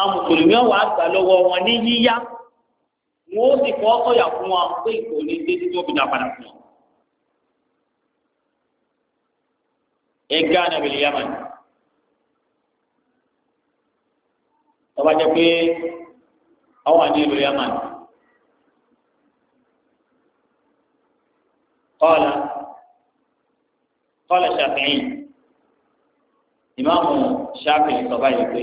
àwọn mùsùlùmí wàá gbà lọ́wọ́ wọn ní yíyá wọn ó sì fọ́ ọ̀yà fún wọn pé ìkò ní dédé tó fi dà padà fún wọn. ẹgbẹ́ ànàbìlì yamani ọba jẹ pé ọwọ́ àní ìlú yamani kọ́ọ̀lá kọ́lá ṣàfihàn ìmáàmù ṣàfihàn sọ báyìí pé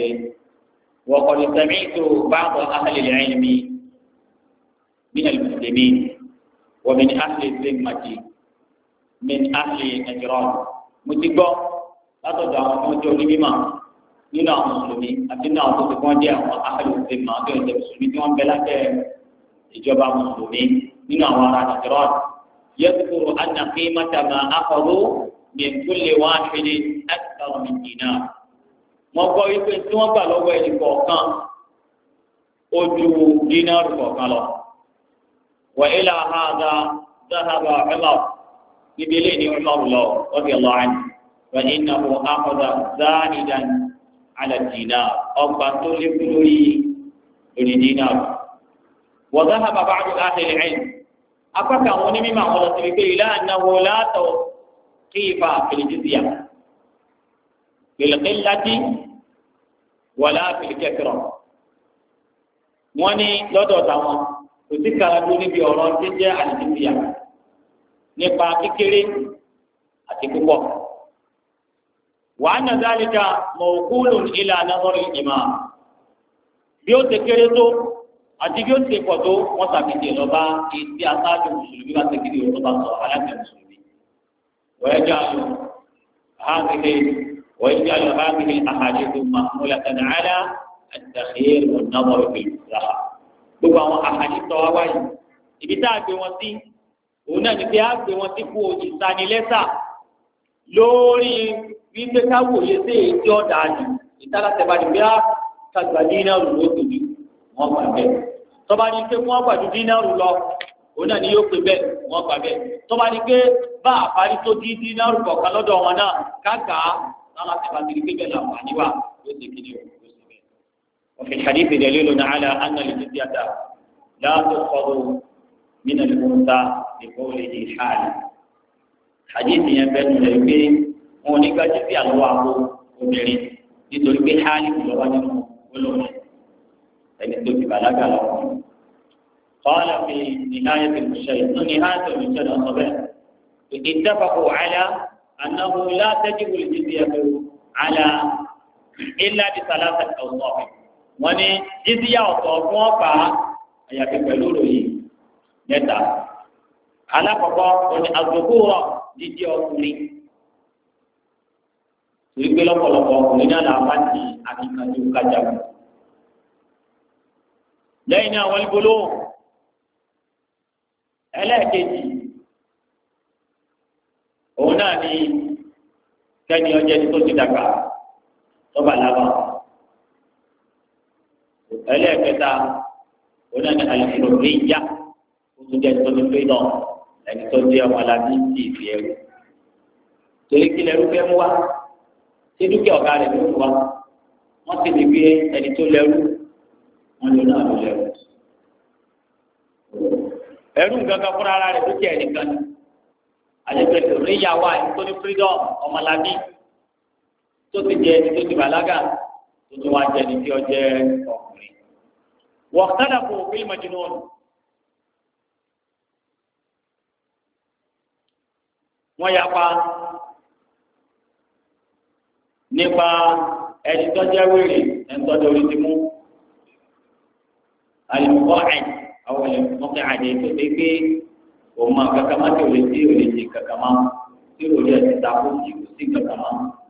وقد سمعت بعض أهل العلم من المسلمين ومن أهل الذمة من أهل نجران متقبل látọ̀dọ̀ àwọn tó ń jẹ́ onímọ̀ nínú àwọn mùsùlùmí àti nínú àwọn tó ti kán jẹ́ àwọn ahàlùfẹ́ màá tó ń jẹ́ mùsùlùmí tí wọ́n bẹ lábẹ́ ìjọba mùsùlùmí nínú àwọn ará nàìjíríà yẹ́sùkúrò min kulli wahidin akthar min dinar wọ́n gbọ́ wípé tí wọ́n gbà lọ́wọ́ ẹni kọ̀ọ̀kan ó ju dínárù kọ̀ọ̀kan lọ. wa ila hadha dhahaba Umar níbi ilé ní Umar lọ radiyallahu anhu wa innahu akhadha za'idan ala dinar ọgbà tó lékún lórí lórí dínárù. wa dhahaba ba'du ahli al-'ilm apá kan wọn ní mímọ́ àwọn ọ̀sẹ̀ wípé ìlànà wo كيف في الجزية في القلة ولا في الكثرة واني لو دوتاوا وتكالا دوني بي اورون تجي الجزية nípa kékeré àti púpọ̀. wa anna dhalika mawqulun ila nazari al-imam. bí ó ti kéré tó àti bí ó ti pọ̀ tó wọ́n sàkíyèsí lọ́ba ìdí aṣáájú mùsùlùmí bá ti kiri òótọ́ bá sọ aláǹtẹ̀ mùsùlùmí. ويجعل هذه ويجعل هذه الأحاديث محمولة على التخيير والنظر في الإصلاح gbogbo àwọn àhàdìtọ̀ wa wáyé ibi tá a gbé wọn sí òun náà ni pé a gbé wọn sí fún ìsanilẹ́sà lórí wípé ká wòye sí èdè ọ̀dà àjù ìtàlásẹ̀ bá di pé a kàgbà dínárù lóṣù ni wọ́n gbà bẹ́ẹ̀ tọ́ba ní pé wọ́n gbàdú dínárù lọ òun náà ni yóò pè bẹ́ẹ̀ wọ́n gbà bẹ́ẹ̀ tọ́ba ni pé bá àparí tó dín dín náà rúbọ̀ kan lọ́dọ̀ wọn náà káàkà lọ́la ti bàtìrì pé bẹ́ẹ̀ làwọn àníwá yóò ṣe kíni o yóò ṣe bẹ́ẹ̀. òfin hadithi dẹ̀ lélo náà ala anna lè ti díàtà kọ́dọ̀ mina lè kúta ìkó lè di ìhàlì. hadithi yẹn bẹ́ẹ̀ nù lẹ́yìn pé wọn ò ní gbájú sí àlọ́wọ́ àbò obìnrin nítorí pé hàlì lọ́wọ́ nínú olóòrùn ẹni tó قال في نهاية المشاهد نهاية المشاهد الصباح اتفقوا على أنه لا تجب الجزية على إلا بثلاثة أوصاف وني جزية أوصاف وفا هي في بلوله نتا على فقط وني الذكورة جزية أوصاف torí pé lọ́pọ̀lọpọ̀ ọkùnrin náà làwọn bá ti àti kàdúkàjà. lẹ́yìn náà wọ́n ń bolóhùn ẹlẹ́ẹ̀kejì òun náà ni kẹ́ni ọjọ́ ẹni tó ti dàgbà tọ́ba lábà ẹlẹ́ẹ̀kẹta òun náà ni àlùfò rí yá tuntun jẹ́ tó ti pé náà ẹni tó jẹ́ ọmọ alábí ti ìfì ẹrú torí kí lẹ́rú fẹ́ mú wa tí dúkìá ọ̀gá rẹ̀ ló mú wa wọ́n ti lè gbé ẹni tó lẹ́rú wọ́n lò náà ló lẹ́rú ẹrú nǹkan fúnra ara rẹ̀ tó jẹ́ ẹnìkan ni àlejò ìyàwó àìsóní freedom ọmọlábí tó ti jẹ ẹni tó ti bàlágà tó ti wá jẹ ẹni tí ó jẹ ọkùnrin. wọ́n kádà kó fílì mọ́júnú ọ̀nà. wọ́n yapa nípa ẹni tó jẹ́ wèrè ẹni tó jẹ́ orí ti mú àlùkò ẹ̀yìn àwọn yẹn wọn kẹ àdé tó dé pé òun máa kankan má tó lè sí òlè ṣe kankan má tí òlè ẹsẹ ta kó sì kó sí kankan má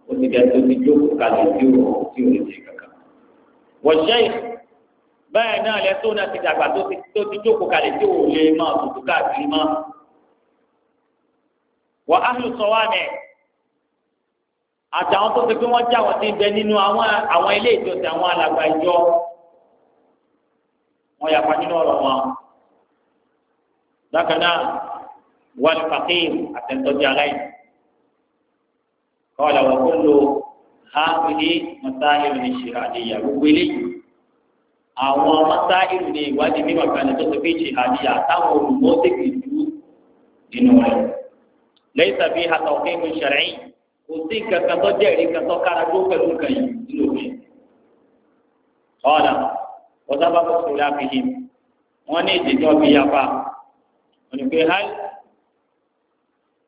ó ti dẹ tó ti jókòó kalẹ̀ tí òun tí òlè ṣe kankan. wọ̀ṣẹ́ bẹ́ẹ̀ náà lẹ tó náà ti dàgbà tó ti jókòó kalẹ̀ tí òun lè máa tutù káàkiri má. wọ́n á lù sọ wá mẹ́ àtàwọn tó ti pé wọ́n já wọn ti bẹ nínú àwọn ilé ìjọsìn àwọn alàgbà ìjọ wọ́n yàgbá nínú ọ̀rọ̀ wọn. bákan náà wọ́n fàkì àtẹ̀ntọ́jú aláìní. kọ́ọ̀lá wọ́n kó lo hábìlì mọ́tá ìrìn ìṣirà àdéyà gbogbo eléyìí. àwọn mọ́tá ìrìn ìwádìí mímọ̀ kan ní tó ti fi ìṣirà àdéyà táwọn olùmọ́ tètè dúró nínú rẹ̀. lẹ́yìn tàbí àtọ̀kẹ́ ìṣẹ̀rẹ̀ yìí kò sí nǹkan kan tó jẹ́rìí kan tó kára tó pẹ̀lú nǹkan yìí nínú rẹ̀. kọ́ọ̀lá ọ̀sábà kò sí láàbìlì wọ́n ní ìdíjọ́ bí yapa wọ́n ní pé hàì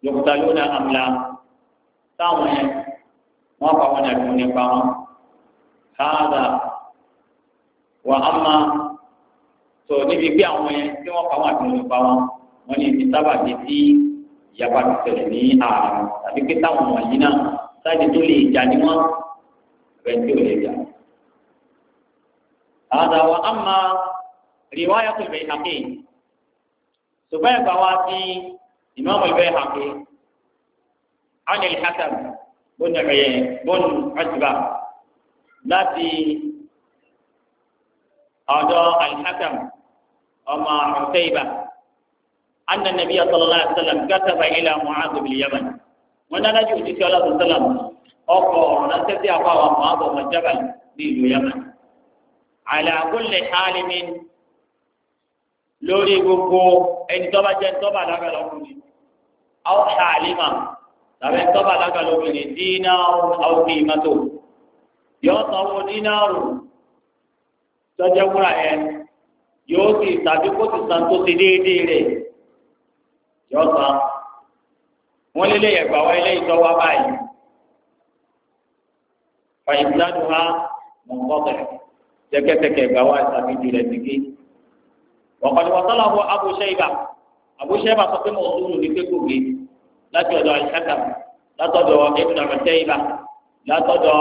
yòkúta lónà àmìlà táwọn yẹn wọ́n pa wọn ẹ̀dùn nípa wọn káàdà wà á máa tó níbi pé àwọn yẹn tí wọ́n pa wọn ẹ̀dùn nípa wọn wọ́n ní ìdísábà bí tí yapa ti ṣẹlẹ̀ ní ààrùn tàbí pé táwọn wọ̀nyí náà sáyẹn tó lè jà ní wọn bẹ́ẹ̀ tí ò lè jà. هذا وأما رواية البيهقي سبيع بواسي إمام البيهقي عن الحكم بن عيين بن عتبة التي أدى الحكم أما عتيبة أن النبي صلى الله عليه وسلم كتب إلى معاذ باليمن وأنا نجي صلى الله عليه وسلم أقرأ نسيت أقرأ معاذ بن جبل في اليمن ala kulli halimin lórí gbogbo ẹni tọ́ba jẹ́ tọ́ba lága lọ́kùnrin aw halima tàbí tọ́ba lága lọ́kùnrin dínárù aw qimatu yóò sanwó dínárù tọ́jà wúrà yẹn yóò sì tàbí kó sì san tó ti déédéé rẹ̀ yóò san wọ́n lé lẹ́yìn ẹ̀gbà wa eléyìí tọ́wọ́ báyìí fàyìntàn ha mọ̀nkọ́tẹ̀ tẹ́kẹ́tẹ́kẹ́ gbà wá ìsàmìjì rẹ̀ ti gé. ọ̀kọ̀dé wọ́n sọ́lá wọ Abu Shayba Abu Shayba sọ pé mọ̀ sóòrò ní kéko gé láti ọ̀dọ̀ àìsàkà látọ̀dọ̀ ibùdó àmọ̀tẹ́yìbá látọ̀dọ̀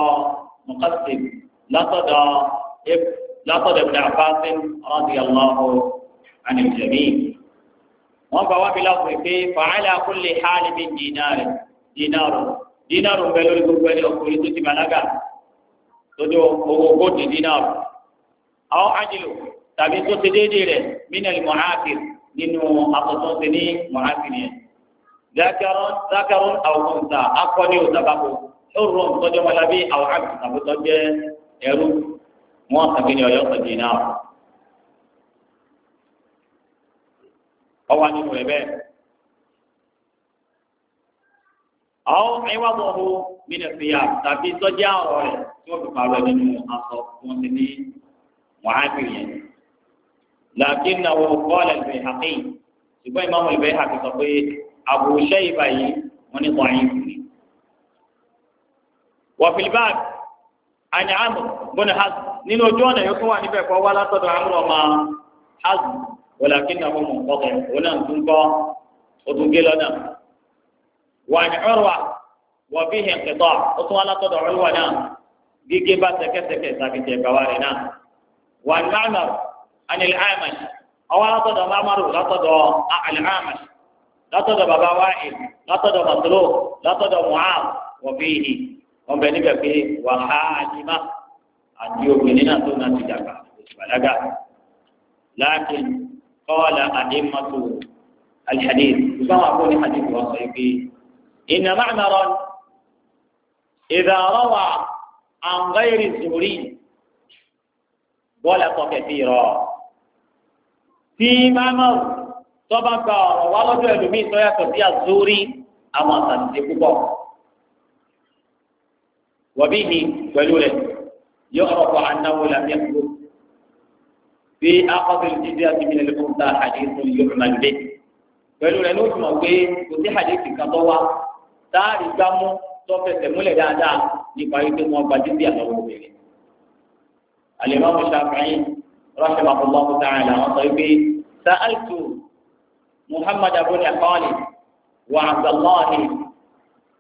mọ̀kásìm látọ̀dọ̀ látọ̀dọ̀ ibùdó àfáàsìm radiyallahu anil jami'. wọ́n bá wá bí láwùjọ pé fa'ala kulli halibin dínárì dínárì dínárì ń bẹ lórí gbogbo ẹni ọkùnrin tó ti bàlágà tó dé owó góòdì dínárì àwọn ájìlò tàbí tó ṣe déédéé rẹ̀ mínàlì mọ̀háàfìr nínú àtọ̀tọ̀ ṣe ní mọ̀háàfìr yẹn. zakarun àwòkúnta akọni òtàbàkọ ṣòro tọjọ malabi àwọn àbùkù tàbútọ jẹ ẹrú wọn sàkínní ọyọ sọjì náà. ọwọ́ nínú rẹ̀ bẹ́ẹ̀. àwọn ẹwà bọ̀ ọ́ mínàlì fìyà tàbí tọ́jú àwọn rẹ̀ tí wọ́n fi pààrọ̀ nínú aṣọ tí ti ní mu'adh yẹn làákìn náà wọ́n kọ́ lẹ́lẹ́bẹ̀ àkè ṣùgbọ́n ìmáàmù ìbẹ́ àti sọ pé Abu Shayba yìí wọ́n ní wọ́n yín fún mi. wọ́pìlbáàgì àní àmì bọ́nà hàz nínú ojú ọ̀nà yóò tún wà níbẹ̀ kọ́ wá látọ̀dọ̀ àmúrọ̀ máa hàz wọ́làkìn náà wọ́n mọ̀ kọ́kọ́ òun náà tún kọ́ ó tún gé lọ́nà. wà ní Urwa wọ́n fi hìn ó tún wá látọ̀dọ̀ Urwa wà lánàá àni lẹ́hàmàṣ ọwọ́ látọ̀dọ̀ mamaru látọ̀dọ̀ àlẹ́hàmàṣ látọ̀dọ̀ baba wáyé látọ̀dọ̀ masolo látọ̀dọ̀ muham wọ̀fíìhì wọn bẹ níbẹ̀ pé wà á àdìmá àti obìnrin náà tó náà ti dàgbà ìbàlágà láti kọ́ọ̀lá àdìmọ́tò alhadith ìfọwọ́n àbúrò ní hadith wọn sọ pé ìnàmà àmàrọ̀ ìdàrọ̀wà àǹgáyèrè zòrí bọ́ọ̀lù àkọ́kẹ́ sí rọ. tí mámọ́rù tọ́ba gba ọ̀rọ̀ wá lọ́dọ̀ ẹlòmíì tó yàtọ̀ sí àzórí àwọn àtàǹtì púpọ̀. wọ̀bí ni pẹ̀lú rẹ̀ yóò rọ̀pọ̀ anáwó làbí ẹ̀kọ́. fi akọ́bí jíjẹ́ àti ìbílẹ̀ lẹ́kọ̀ọ́ ta àdéhùn yóò máa gbé. pẹ̀lú rẹ̀ ló túmọ̀ pé kò sí àdéhùn kan tó wá táàrí gbámú tó fẹsẹ̀ múlẹ̀ dáadáa nípa ikú wọn gbajú bí àtọwọ́ obìnrin. الإمام الشافعي رحمه الله تعالى وطيبي سألت محمد بن خالد وعبد الله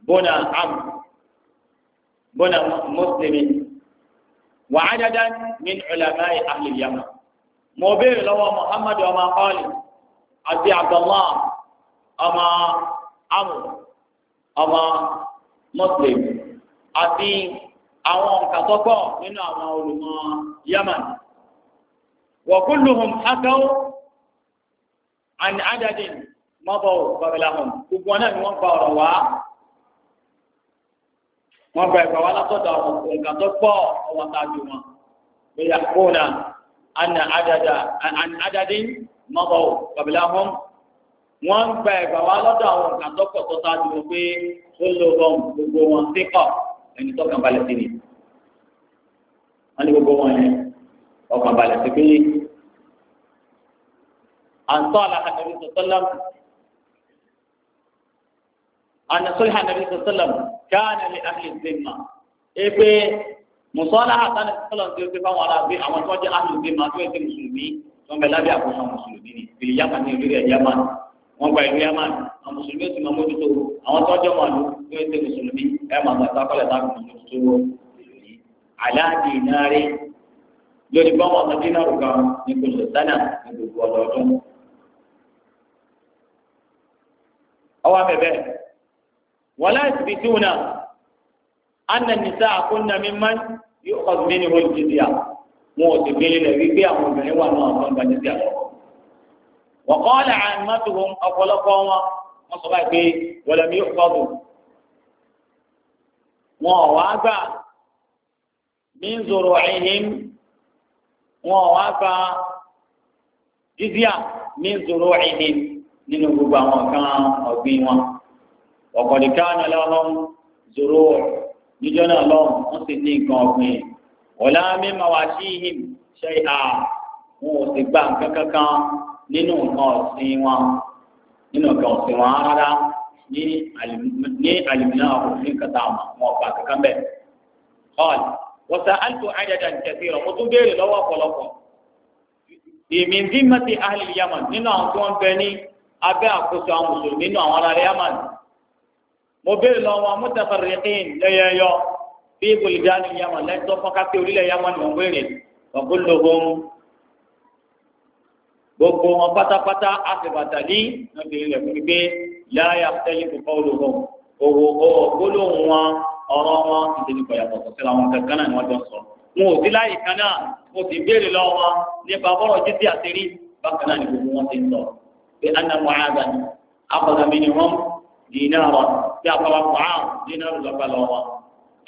بن عمرو بن مسلم وعددا من علماء أهل اليمن موبيل لو محمد وما خالد أبي عبد الله أما عمرو أما مسلم أبي àwọn nǹkan tó pọ̀ nínú àwọn olùmọ̀ Yaman wa kulluhum hakaw an adadin mọ́bọ̀ babilahum gbogbo náà ni wọ́n gba ọ̀rọ̀ wá wọ́n gba ẹ̀gbà wá látọ̀dọ̀ àwọn nǹkan tó pọ̀ ọwọ́ tájú wọn bẹ́ẹ̀ kóna an adadin mọ́bọ̀ babilahum wọ́n gba ẹ̀gbà wá lọ́dọ̀ àwọn nǹkan tó pọ̀ wọn pé ó lò wọn gbogbo wọn síkọ̀ ẹni tó kàn balẹ̀ sí ni wọn ní gbogbo wọn yẹn ọkàn balẹ̀ sí pé àǹtọ́ àlàkàtàbí sọ̀tọ́lám àǹtọ́lá àlàkàtàbí sọ̀tọ́lám káàní lè àmì ìzèmà ebe mùsọ́lá àtàlẹ̀ sọ̀tọ́lám tí ó ti fáwọn aláàbí àwọn tí wọ́n jẹ́ àmì ìzèmà tó ẹ̀sìn mùsùlùmí tó ń bẹ lábẹ́ àkóso mùsùlùmí ni ìlú yamani ní ìlú rẹ̀ yamani wọ́n gba ìlú yamani àwọn mùsùlùmí ó ti máa mójútó àwọn tí wọ́n jẹ́ màlúù tó ẹ̀sìn mùsùlùmí ẹ̀ máa gbà sáfọ́lẹ̀ láti mójútó aláàdì ìnáre lórí bọ́mọ̀ ọ̀sán dínàrù kan ní gbogbo sánà ní gbogbo ọdọọdún. ọwọ́ abẹ́bẹ́ wọ́n láti fi tún náà anna nisa akunna mi man yóò kọ́ sí nínú olùdí sí à wọn ò sì gbélé lẹ̀ wípé àwọn obìnrin wà náà wọ́n gbàdé sí àwọn. wọ́n kọ́ ọ́ lẹ́ àrùn mọ́tò ọ̀pọ̀lọpọ̀ wọn wọ́n sọ báyìí pé wọ́n lọ mí yóò kọ́ bù. wọn ò wá gbà ní zòrò ẹ̀hìn wọn wá gba dídíà ní zòrò ẹ̀hìn nínú gbogbo àwọn kan ọ̀gbìn wọn ọ̀kọ̀dìkà náà lọ́wọ́ zòrò níjọ́ náà lọ́wọ́ wọ́n sì ní nǹkan ọ̀gbìn ọ̀la mímọ wá sí ìhìn ṣe à wọn ò sì gba nǹkan kankan nínú nǹkan ọ̀sìn wọn nínú nǹkan ọ̀sìn wọn rárá ní alimina òfin kata àwọn ọba kankan bẹ́ẹ̀ wọ́sà àlùkò àjàjà nkẹ́sì rẹ̀ mo tún béèrè lọ́wọ́ ọ̀pọ̀lọpọ̀ èmi ń dín mẹ́tì àhìlì yamani nínú àwọn tó ń bẹ ní abẹ́ àkóso àwọn mùsùlùmí nínú àwọn ará yamani mo béèrè lọ́wọ́ àwọn mutafarriqin lẹ́yẹyọ bí bolidani yamani lẹ́tọ́ fọ́nkásí orílẹ̀ yamani mo béèrè ọ̀gbọ́nlógún gbogbo wọn pátápátá àfẹ̀bàtà ní ọ̀gbìn ilẹ̀ fún mi pé láyà tẹ́lẹ̀ kò ọ̀rọ̀ wọn ìdílé pẹ̀lẹ́pọ̀ síra wọn kankan náà ni wọ́n jọ sọ. wọn ò sí láyé kan náà mo sì béèrè lọ́wọ́ wọn nípa bọ́rọ̀ jíjí àtẹrí bákan náà ni gbogbo wọn ti ń sọ. pé anna muhaza akọ̀dà mi ni wọ́n dìínà wọn bí akọ̀wá muhaz dìínà ló lọ́gbà lọ́wọ́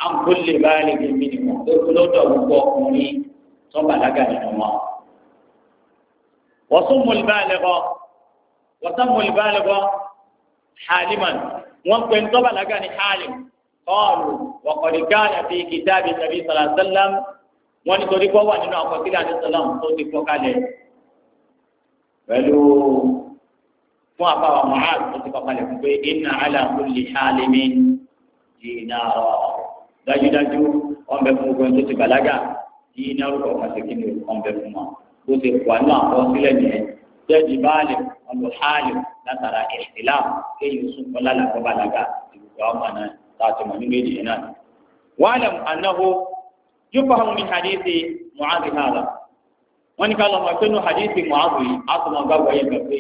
an kò lè báyìí lè mi ni wọn lọ́dọ̀ gbogbo ọkùnrin tó bàlágà nínú wọn. wọ́n sún mọ̀lẹ́bàlẹ́bọ̀ wọ́n sún wọ́n pè ń tọ́bàlágà قالوا وقد كان في كتاب النبي صلى الله عليه وسلم wọ́n nítorí kọ́ wà nínú àkọsílẹ̀ àdìsọ́lọ́mù tó ti kọ́ kalẹ̀ pẹ̀lú fún àbáwá muhammed tó ti kọ́ kalẹ̀ fún pé inna ala kulli halimin dinara dájúdájú wọ́n bẹ fún ogun tó ti bàlágà dínárù ọ̀kan tó kíni wọ́n bẹ fún wa tó ti wà nínú àkọsílẹ̀ nìyẹn jẹ́jì báàlì ọlùhálì látara ìṣìlá kéyìí sùn kọ́lá làkọ́ bàlágà ìbùkún àwọn náà láti mọ̀ ní méjì náà. wàhálà anáhó yóò fa àwọn oníṣẹ́ àdéhìí muhammed hàlà wọ́n ní ká lọ́mọ pé ní àdéhìí muhammed yìí á tó mọ̀ gbàgbọ́ yẹn kan pé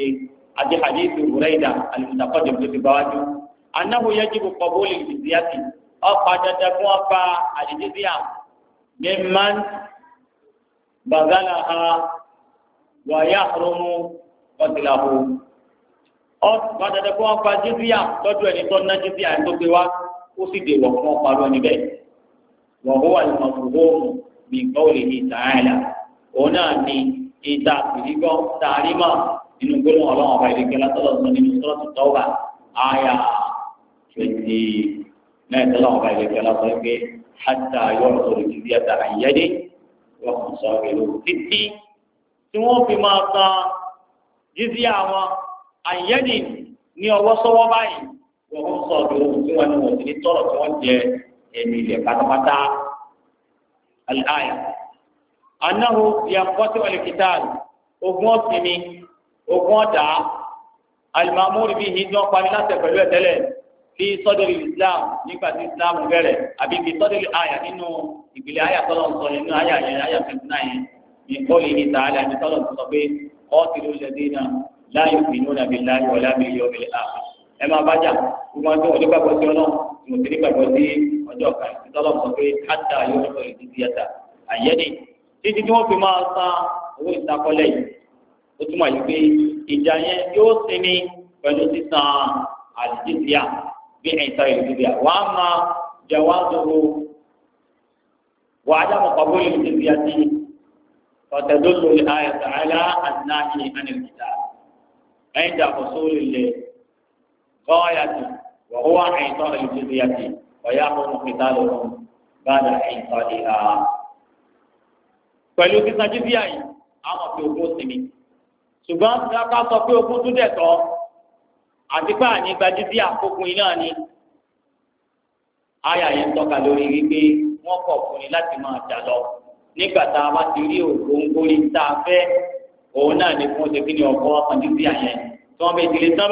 àti àdéhìí buraida alimusakọ́jọ tó ti báwájú anáhó yẹjú kò kọ́ bóòlì ìdíyàtì ọ̀pá dandan fún ọ̀pá àdéhìí mímán bazalaha fún ọ̀pá jíríà lọ́dún ẹni tó ná jíríà ẹni tó gbé wá ó sì dèwọ̀ fún ọparọ́ níbẹ̀ wọ́n wà lọ́mọ gbogbo mi nǹkan ò lè ní ìtààlà òun náà ni ìta àpèjìgbọ́ tààrí mọ́ nínú gbólóhùn ọlọ́run ọba ìdíkẹ́ látọ̀lọ́ sọ nínú sọ́ọ̀tù tọ́wà àyà twenty nine ọba ìdíkẹ́ látọ̀ pé hàtà yọ̀ ọ̀rọ̀ sọ̀rọ̀ ìdílé ẹ̀ta àyẹ́dẹ́ yọ̀ ọ̀hún sọ̀rọ̀ títí tí wọ́n fi máa san jíjí àwọn àyẹ́dì ní ọwọ́ báyìí tí wọ́n sọ ọdún ohun tí wọ́n ní wọ́n ti ní tọ́lọ̀ tí wọ́n jẹ ẹ̀mí ilẹ̀ pátápátá aláì. anáhu yankọ́sí wàlẹ̀ kìtàn ogun ọ̀sìnmi ogun ọ̀dà alimamuri bíi hijab pani láti pẹ̀lú ẹ̀tẹ́lẹ̀ fi sọ́dọ̀lì islam nígbà tí islam bẹ̀rẹ̀ àbí fi sọ́dọ̀lì àyà nínú ìpìlẹ̀ àyà tọ́lọ̀ ń sọ nínú àyà yẹn àyà fifty nine ní kọ́lì ní ẹ máa bá jà gbogbo àwọn tó wọn ló gbàgbọ́ sí ọ náà tí mo ti ní gbàgbọ́ sí ọjọ́ kan ìtọ́lọ́ sọ pé ádà yóò sọ èdè sí ẹ̀dà àyẹ́ni títí tí wọ́n fi máa san owó ìdákọ́lẹ̀ yìí ó túmọ̀ yìí pé ìjà yẹn yóò sinmi pẹ̀lú sísan àdìjíríà bí ẹ̀yìn sáré ìdíríà wàá máa jẹ wá sọ̀rọ̀ wàá dábọ̀ pàbó ìdíríà sí ọ̀tẹ̀dọ́lù ayẹ̀tẹ̀ àlá àdínáàkì ànìkìtà ẹ̀yìn dàbọ̀ غاية وهو إعطاء الجزية ويقوم قتالهم بعد إعطائها pẹ̀lú sísan jíjìá yìí àwọn fi ogún sinmi ṣùgbọ́n ká sọ pé ogún tún dẹ̀ tọ́ àti pé àní gba jíjìá kókun iná ni àyà yẹn tọ́ka lórí wípé wọ́n kọ̀ fún ni láti máa jà lọ nígbà tá a bá ti rí ògóńgóri tá a fẹ́ òun náà ni fún ṣe kí ni ọkọ̀ ọkàn jíjìá yẹn tí wọ́n bẹ ti lè tán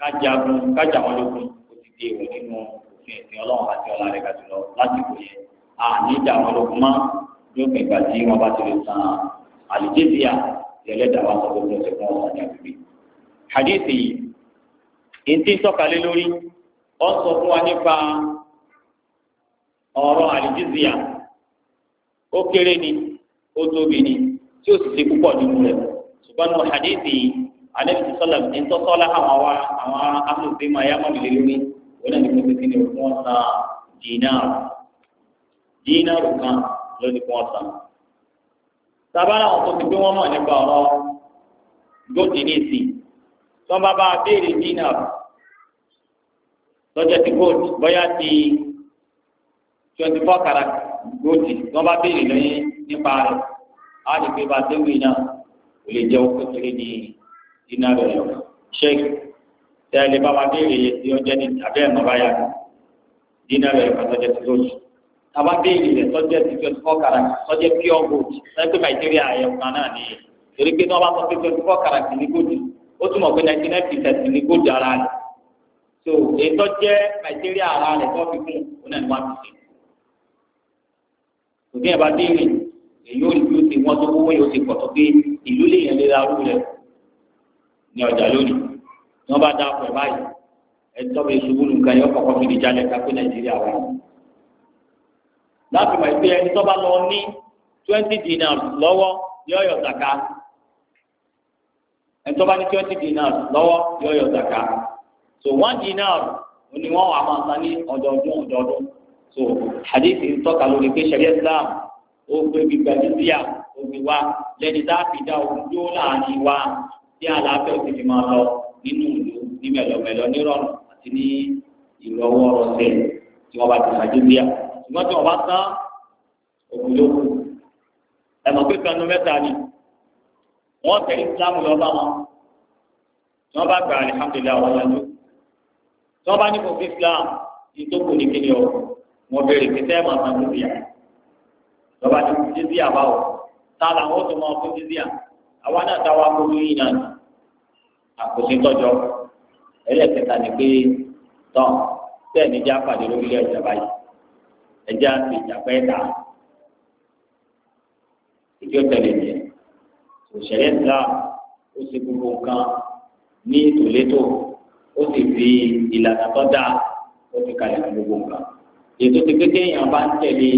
kájagun kájà wọn lógun kò ti dé ìwé nínú òfin ẹ̀sìn ọlọ́run àti ọ̀la rẹ̀ gàdúrà lásìkò yẹn àní ìjà wọn lógun má lópin ìgbà tí wọn bá ti lè san àlìjébíà ìrẹ̀lẹ́dà wa sọ gbogbo ọ̀sẹ̀ fún ọ̀sán ní agbègbè. hadith yìí ètí sọ̀kalẹ̀ lórí ó sọ fún wa nípa ọ̀rọ̀ àlìjébíà ó kéré ni ó tóbi ni tí ó sì ṣe púpọ̀ nínú rẹ̀ ṣùgbọ́n nínú hadith yìí alẹ́bí sọ́lá ní tọ́tọ́lá àwọn wa àwọn amòfin máa yá mọ́lẹ̀ lórí wọn náà ní kó fi kíni fún wọn san dínárù dínárù kan lónìí fún wọn san. sábàlá wọn tó ti gbé wọn mọ̀ nípa ọ̀rọ̀ góòtì ní ìsìn tó bá bá béèrè dínárù lọ́jọ́ ti góòtì bóyá ti twenty four karat góòtì tó bá béèrè lóyún nípa rẹ̀ á lè gbé bá déwì náà kò lè jẹ́ òkú kéré ní iná rẹ̀ yọ. sheik tẹ́ ẹ lè bá wa béèrè iye tí ó jẹ́ ní tàbí ẹ̀ mọ́ báyà iná rẹ̀ yọ tọ́jẹ́ ti lóṣù. tàbá béèrè rẹ̀ tọ́jẹ́ ti twenty four karat tọ́jẹ́ pure gold sẹ́ńtì nàìjíríà ẹ̀ ọ̀kan náà ni torí pé náà wá sọ pé twenty four karat ní gold ó túmọ̀ pé ninety nine percent ní gold ara rẹ̀ so ètò jẹ́ nàìjíríà ara rẹ̀ tó fi kún ó náà ní one percent. òbí ẹ̀ èyí ò ní bí ó ti wọ́n tó owó yóò ti pọ̀ tó pé ìlú lè yẹn lé ra rú rẹ̀ ní ọjà lónìí tí wọ́n bá dá ọkọ̀ báyìí ẹtọ́ bẹ ṣubú nǹkan yọ kọ̀kọ́ fi dìjálẹ̀ ká pé nàìjíríà wà. láti mọ̀ pé ẹni tó bá lọ ní twenty dinars lọ́wọ́ yọ yọ zaka ẹni tó bá ní twenty dinars lọ́wọ́ yọ yọ zaka so one dinar ni wọ́n wà máa san ní ọdọọdún ọdọọdún so hadithi ń tọ́ka lórí pé ṣẹ̀ríà Islam ó gbé gbígbà níbíyà ó gbé wa lẹ́ni tá a fi dá ojú láàrin wa kí àlàáfíà ó sì fi máa lọ nínú ìlú ní mẹlọmẹlọ nírọ̀rùn àti ní ìrọwọ́ ọ̀sẹ̀ tí wọ́n bá ti ṣàjọ bíyà ṣùgbọ́n tí wọ́n bá tán òkú ló kù ẹ̀mọ́ pé kanu mẹ́ta ni wọ́n tẹ ìsìlámù lọ bá wọn tí wọ́n bá gbà alihamudulilayi àwọn yanjú tí wọ́n bá ní kò fi islam ìtòkù ní kíni o mo bèrè kí sẹ́ẹ̀ máa san jizíà lọ́ba ní jizíà báwo tá a làwọn ó tó máa fún jizíà àwa náà táwa kó lóyún náà àkòsí tọjọ ẹlẹ́kẹta ni pé tán bẹ́ẹ̀ ni já pàdé lórílẹ̀ ẹ̀jẹ̀ báyìí ẹ̀jẹ̀ àti ìjàpẹ́ ẹ̀dá ìjọ tẹ̀lé ni òṣèré ńlá ó ṣe gbogbo nǹkan ní ìtòlétò ó sì fi ìlànà tó dáa ó ti kalẹ̀ fún gbogbo nǹkan ètò ti pé kéèyàn bá ń tẹ̀lé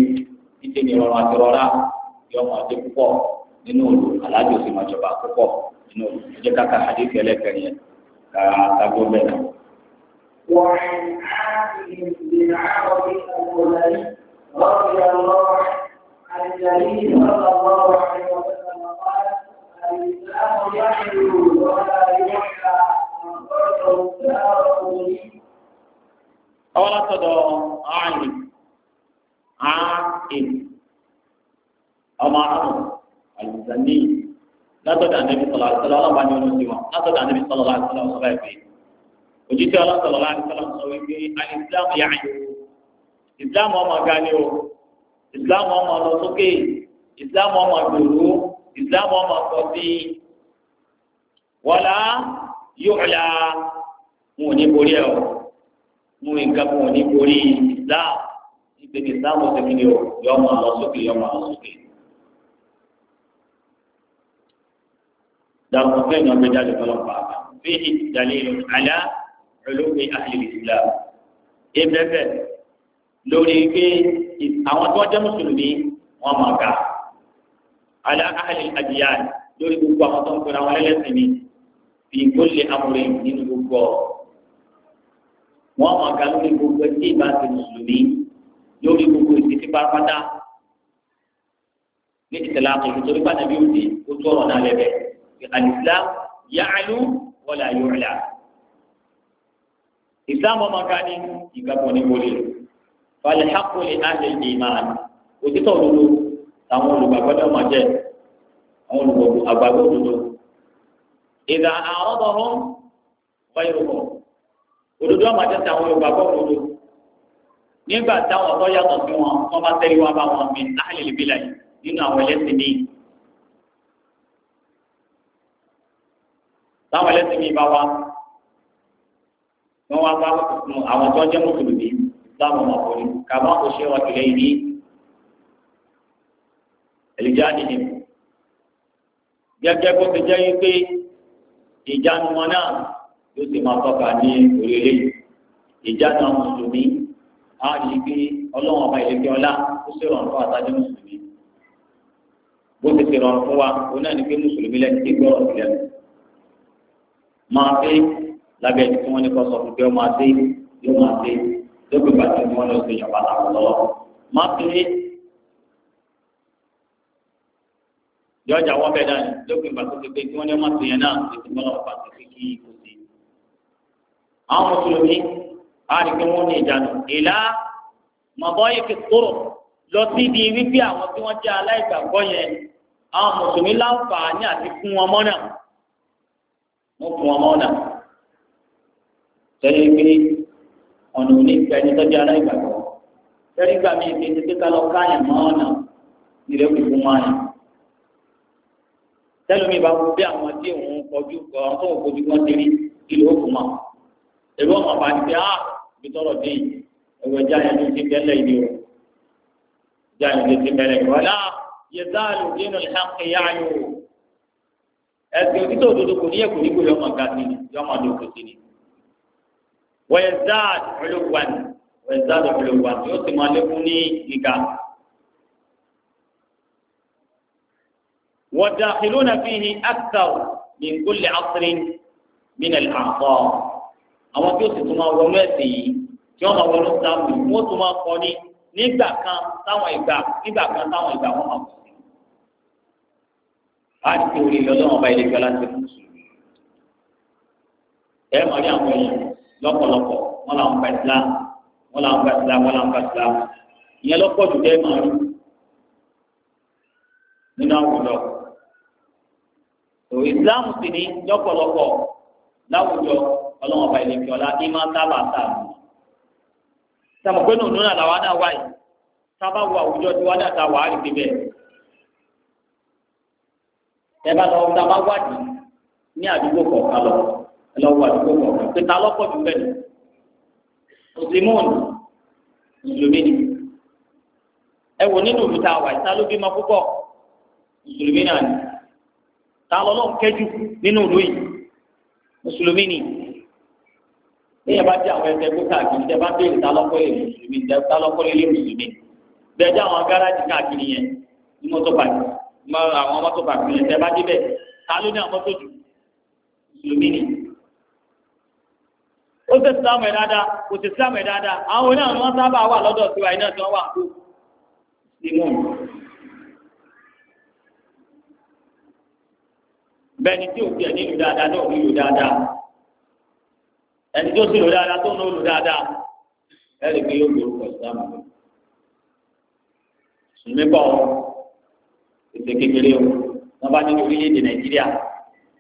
títí ní ọrọ̀ àti rọra yọmọ àti púpọ̀ nínú òòlù alájọsìn àjọba púpọ̀. no jẹ́ káka hadith ẹlẹ́kẹ̀rin yẹn ká sago bẹ́ẹ̀ náà. وعن عاصم بن عمرو الأولي رضي الله عن النبي صلى الله عليه وسلم قال الإسلام يحلو ولا يحلى من فرضه سأره أولا تدعو عالم عاقل أمام المسلمين látọ̀dọ̀ ànábi sọlá àtìsọlá ọlọ́ba ni olóṣè wọn látọ̀dọ̀ ànábi sọlá àtìsọlá ọ̀sọ̀lá ìpè òjíṣẹ́ ọlọ́sọlá àtìsọlá sọ wípé alìsílámù yà áyò ìsìlámù ọmọ ga ni o ìsìlámù ọmọ lọ sókè ìsìlámù ọmọ gbòòrò ìsìlámù ọmọ kọ sí wọlá yóò la wọn ò ní borí ẹ o mú nǹkan kan ò ní borí ìsìlámù ìpèsè ìsìlámù ọ̀sẹ̀ kìíní dàrú fún ẹ̀yàn gbé jáde kọlọ́pàá fi ìdàlẹ́ àlá olóògbé àhìlì ìsìlá ebẹ́bẹ́ lórí pé àwọn tó jẹ́ mùsùlùmí wọn máa ga àlá àhìlì àdìyà lórí gbogbo àwọn tó ń pera wọn lẹ́lẹ́sìn ni fi gbólé amúre nínú gbogbo wọn máa ga lórí gbogbo tí ìbá ti mùsùlùmí lórí gbogbo ìsìnkú pátápátá ní ìtẹ̀lá àkọ́jú torí pàtàkì òde ó tó ọ̀rọ̀ náà lẹ́bẹ̀ẹ́ al-islam ya'lu wala yu'la islam ọmọ ká ní ìgbàgbọ́ ní wọlé falhaqqu li ahli al-iman òtítọ́ òdodo táwọn olùgbàgbọ́ náà máa jẹ́ àwọn olùgbàgbọ́ àgbàgbọ́ òdodo ìdá àrọ́dọ̀ hàn wáyé rọ̀ òdodo àwọn àti àwọn olùgbàgbọ́ òdodo nígbà táwọn ọ̀tọ́ yàtọ̀ sí wọn wọ́n bá tẹ́lẹ̀ wá bá wọn mi láàlì ìbílẹ̀ nínú àwọn ẹlẹ́sìn ní táwọn ẹlẹ́sìn mi bá wá wọ́n wá bá àwọn tó ń jẹ́ mùsùlùmí láwọn ọmọ àpòlì kàmá kò ṣe wà kìlẹ̀ yìí ẹ̀lẹ́jà nìyẹn gẹ́gẹ́ bó ti jẹ́ yín pé ìjánu wọn náà yóò sì máa tọ́ka ní orílẹ̀ ìjánu àwọn mùsùlùmí á rí i pé ọlọ́run ọba ìlẹ́kẹ́ ọlá ó sì rọrùn fún àtàjẹ́ mùsùlùmí bó ti ti rọrùn fún wa òun náà ní pé mùsùlùmí lẹ́ni tí gbọ́rọ̀ sílẹ̀ máa dé lábẹ́ ẹni tí wọ́n ní kọ́ sọ fún pé ó máa dé yóò máa dé lókè pàtó ni wọ́n lọ sí ìyàpá làwọn lọ́wọ́ máa dé yọjà wọ́n bẹ̀ dání lókè pàtó ti pé kí wọ́n ní ọmọ tó yẹn náà ti ti mọ́lọ́ pàtó sí kí kò sí. àwọn mùsùlùmí á rí i pé wọ́n ní ìjánu ìlà mọ̀bọ́ fi kúrò lọ sí ibi wípé àwọn tí wọ́n jẹ́ aláìgbàgbọ́ yẹn àwọn mùsùlùmí láǹfààní àti fún wọn mọ́nà wọn fún ọmọ ọ̀nà sẹ́yìn pé ọ̀nà òní ìgbẹ́ni tọ́jú ara ìgbàgbọ́ sẹ́yìn gbà mí ìgbẹ́ títí ká lọ káyàn mọ́ ọ̀nà ìrẹ́ kò fún wọn. sẹ́lómi bá wọ bí àwọn tí òun kọjú àwọn tó ń kojú wọn ti rí ìlú òkú mọ́ èrò ọmọ bá ah, ti á ibi tọrọ dé ẹwẹ jáde ní ti bẹlẹ yìí o jáde ní ti bẹlẹ yìí yẹ dáàlú dínú ìhànkì yáyò o ẹsẹ̀ onítọ̀ òdodo kò ní ẹ̀kọ́ nígbò yọmọ ga sí ni yọmọ ló kò sí ni. wẹ̀ẹ́dáàd ọlọ́wàn wẹ̀ẹ́dáàd ọlọ́wàn yóò sì máa lékún ní ìga. wọ́dà ìlúna fi ni akthar ní nkúlẹ̀ asirin nínú àkọ́ àwọn tí ó sì tún máa wọlé ẹ̀sìn yìí tí wọ́n máa wọlé sáàmù wọ́n tún máa kọ́ ni nígbà kan táwọn ìgbà nígbà kan táwọn ìgbà wọn máa kọ́ àti orí lọ́lọ́wọ́n bá ilé ìgbà láti mú mùsùlùmí. ẹ mọ̀ ní àwọn èèyàn lọ́pọ̀lọpọ̀ wọn làwọn gba islam wọn làwọn gba islam wọn làwọn gba islam ìyẹn lọ́pọ̀ jù dẹ́ máa rí nínú àwùjọ. tó islam sì ní lọ́pọ̀lọpọ̀ láwùjọ ọlọ́wọ́n bá ilé ìgbà láti máa sábà sáàmù. sàmùpé nùnú náà làwọn náà wáyé sábà wọ àwùjọ tí wọ́n dàtà wàá bíbẹ̀ tẹ́lá lọ ọ̀gá bá wádìí ní àdúgbò kọ̀ọ̀kan lọ lọ wọ àdúgbò kọ̀ọ̀kan pé ta lọ́pọ̀ jù bẹ́ẹ̀ ni simon mùsùlùmí ni ẹ wò nínú ìlú tá a wà ìta ló bímọ púpọ̀ mùsùlùmí náà ni ta lọ́ lọ́n kẹ́jù nínú ìlú yìí mùsùlùmí ni bẹ́ẹ̀ bá dé àwọn ẹgbẹ́ gbókà kìí tẹ́ bá béèrè ta lọ́kọ́ lè mùsùlùmí ta lọ́kọ́ lè lé mùsùlùmí bẹ́ẹ̀ dé àwọn gáràjì káàkiri yẹn ní mọ́tò pàtó àwọn mọ́tò bàbí ẹ̀ tẹ́ bá débẹ̀ ta ló ní àwọn mọ́tò jù lómi ni. ó ṣe sílámù ẹ̀ dáadáa kò ṣe sílámù ẹ̀ dáadáa àwọn oní àwọn wọn sábà wà lọ́dọ̀ tiwa iná tí wọ́n wà kó nínú. bẹ́ẹ̀ni tí òkè nílò dáadáa náà nílò dáadáa ẹni tó sì lò dáadáa tó ń lò dáadáa ẹ̀rì pé yóò gbèrú pẹ̀lú sáà sùnmí bọ̀ ọ́ ètò kékeré o wọn bá nínú orílẹ̀-èdè nàìjíríà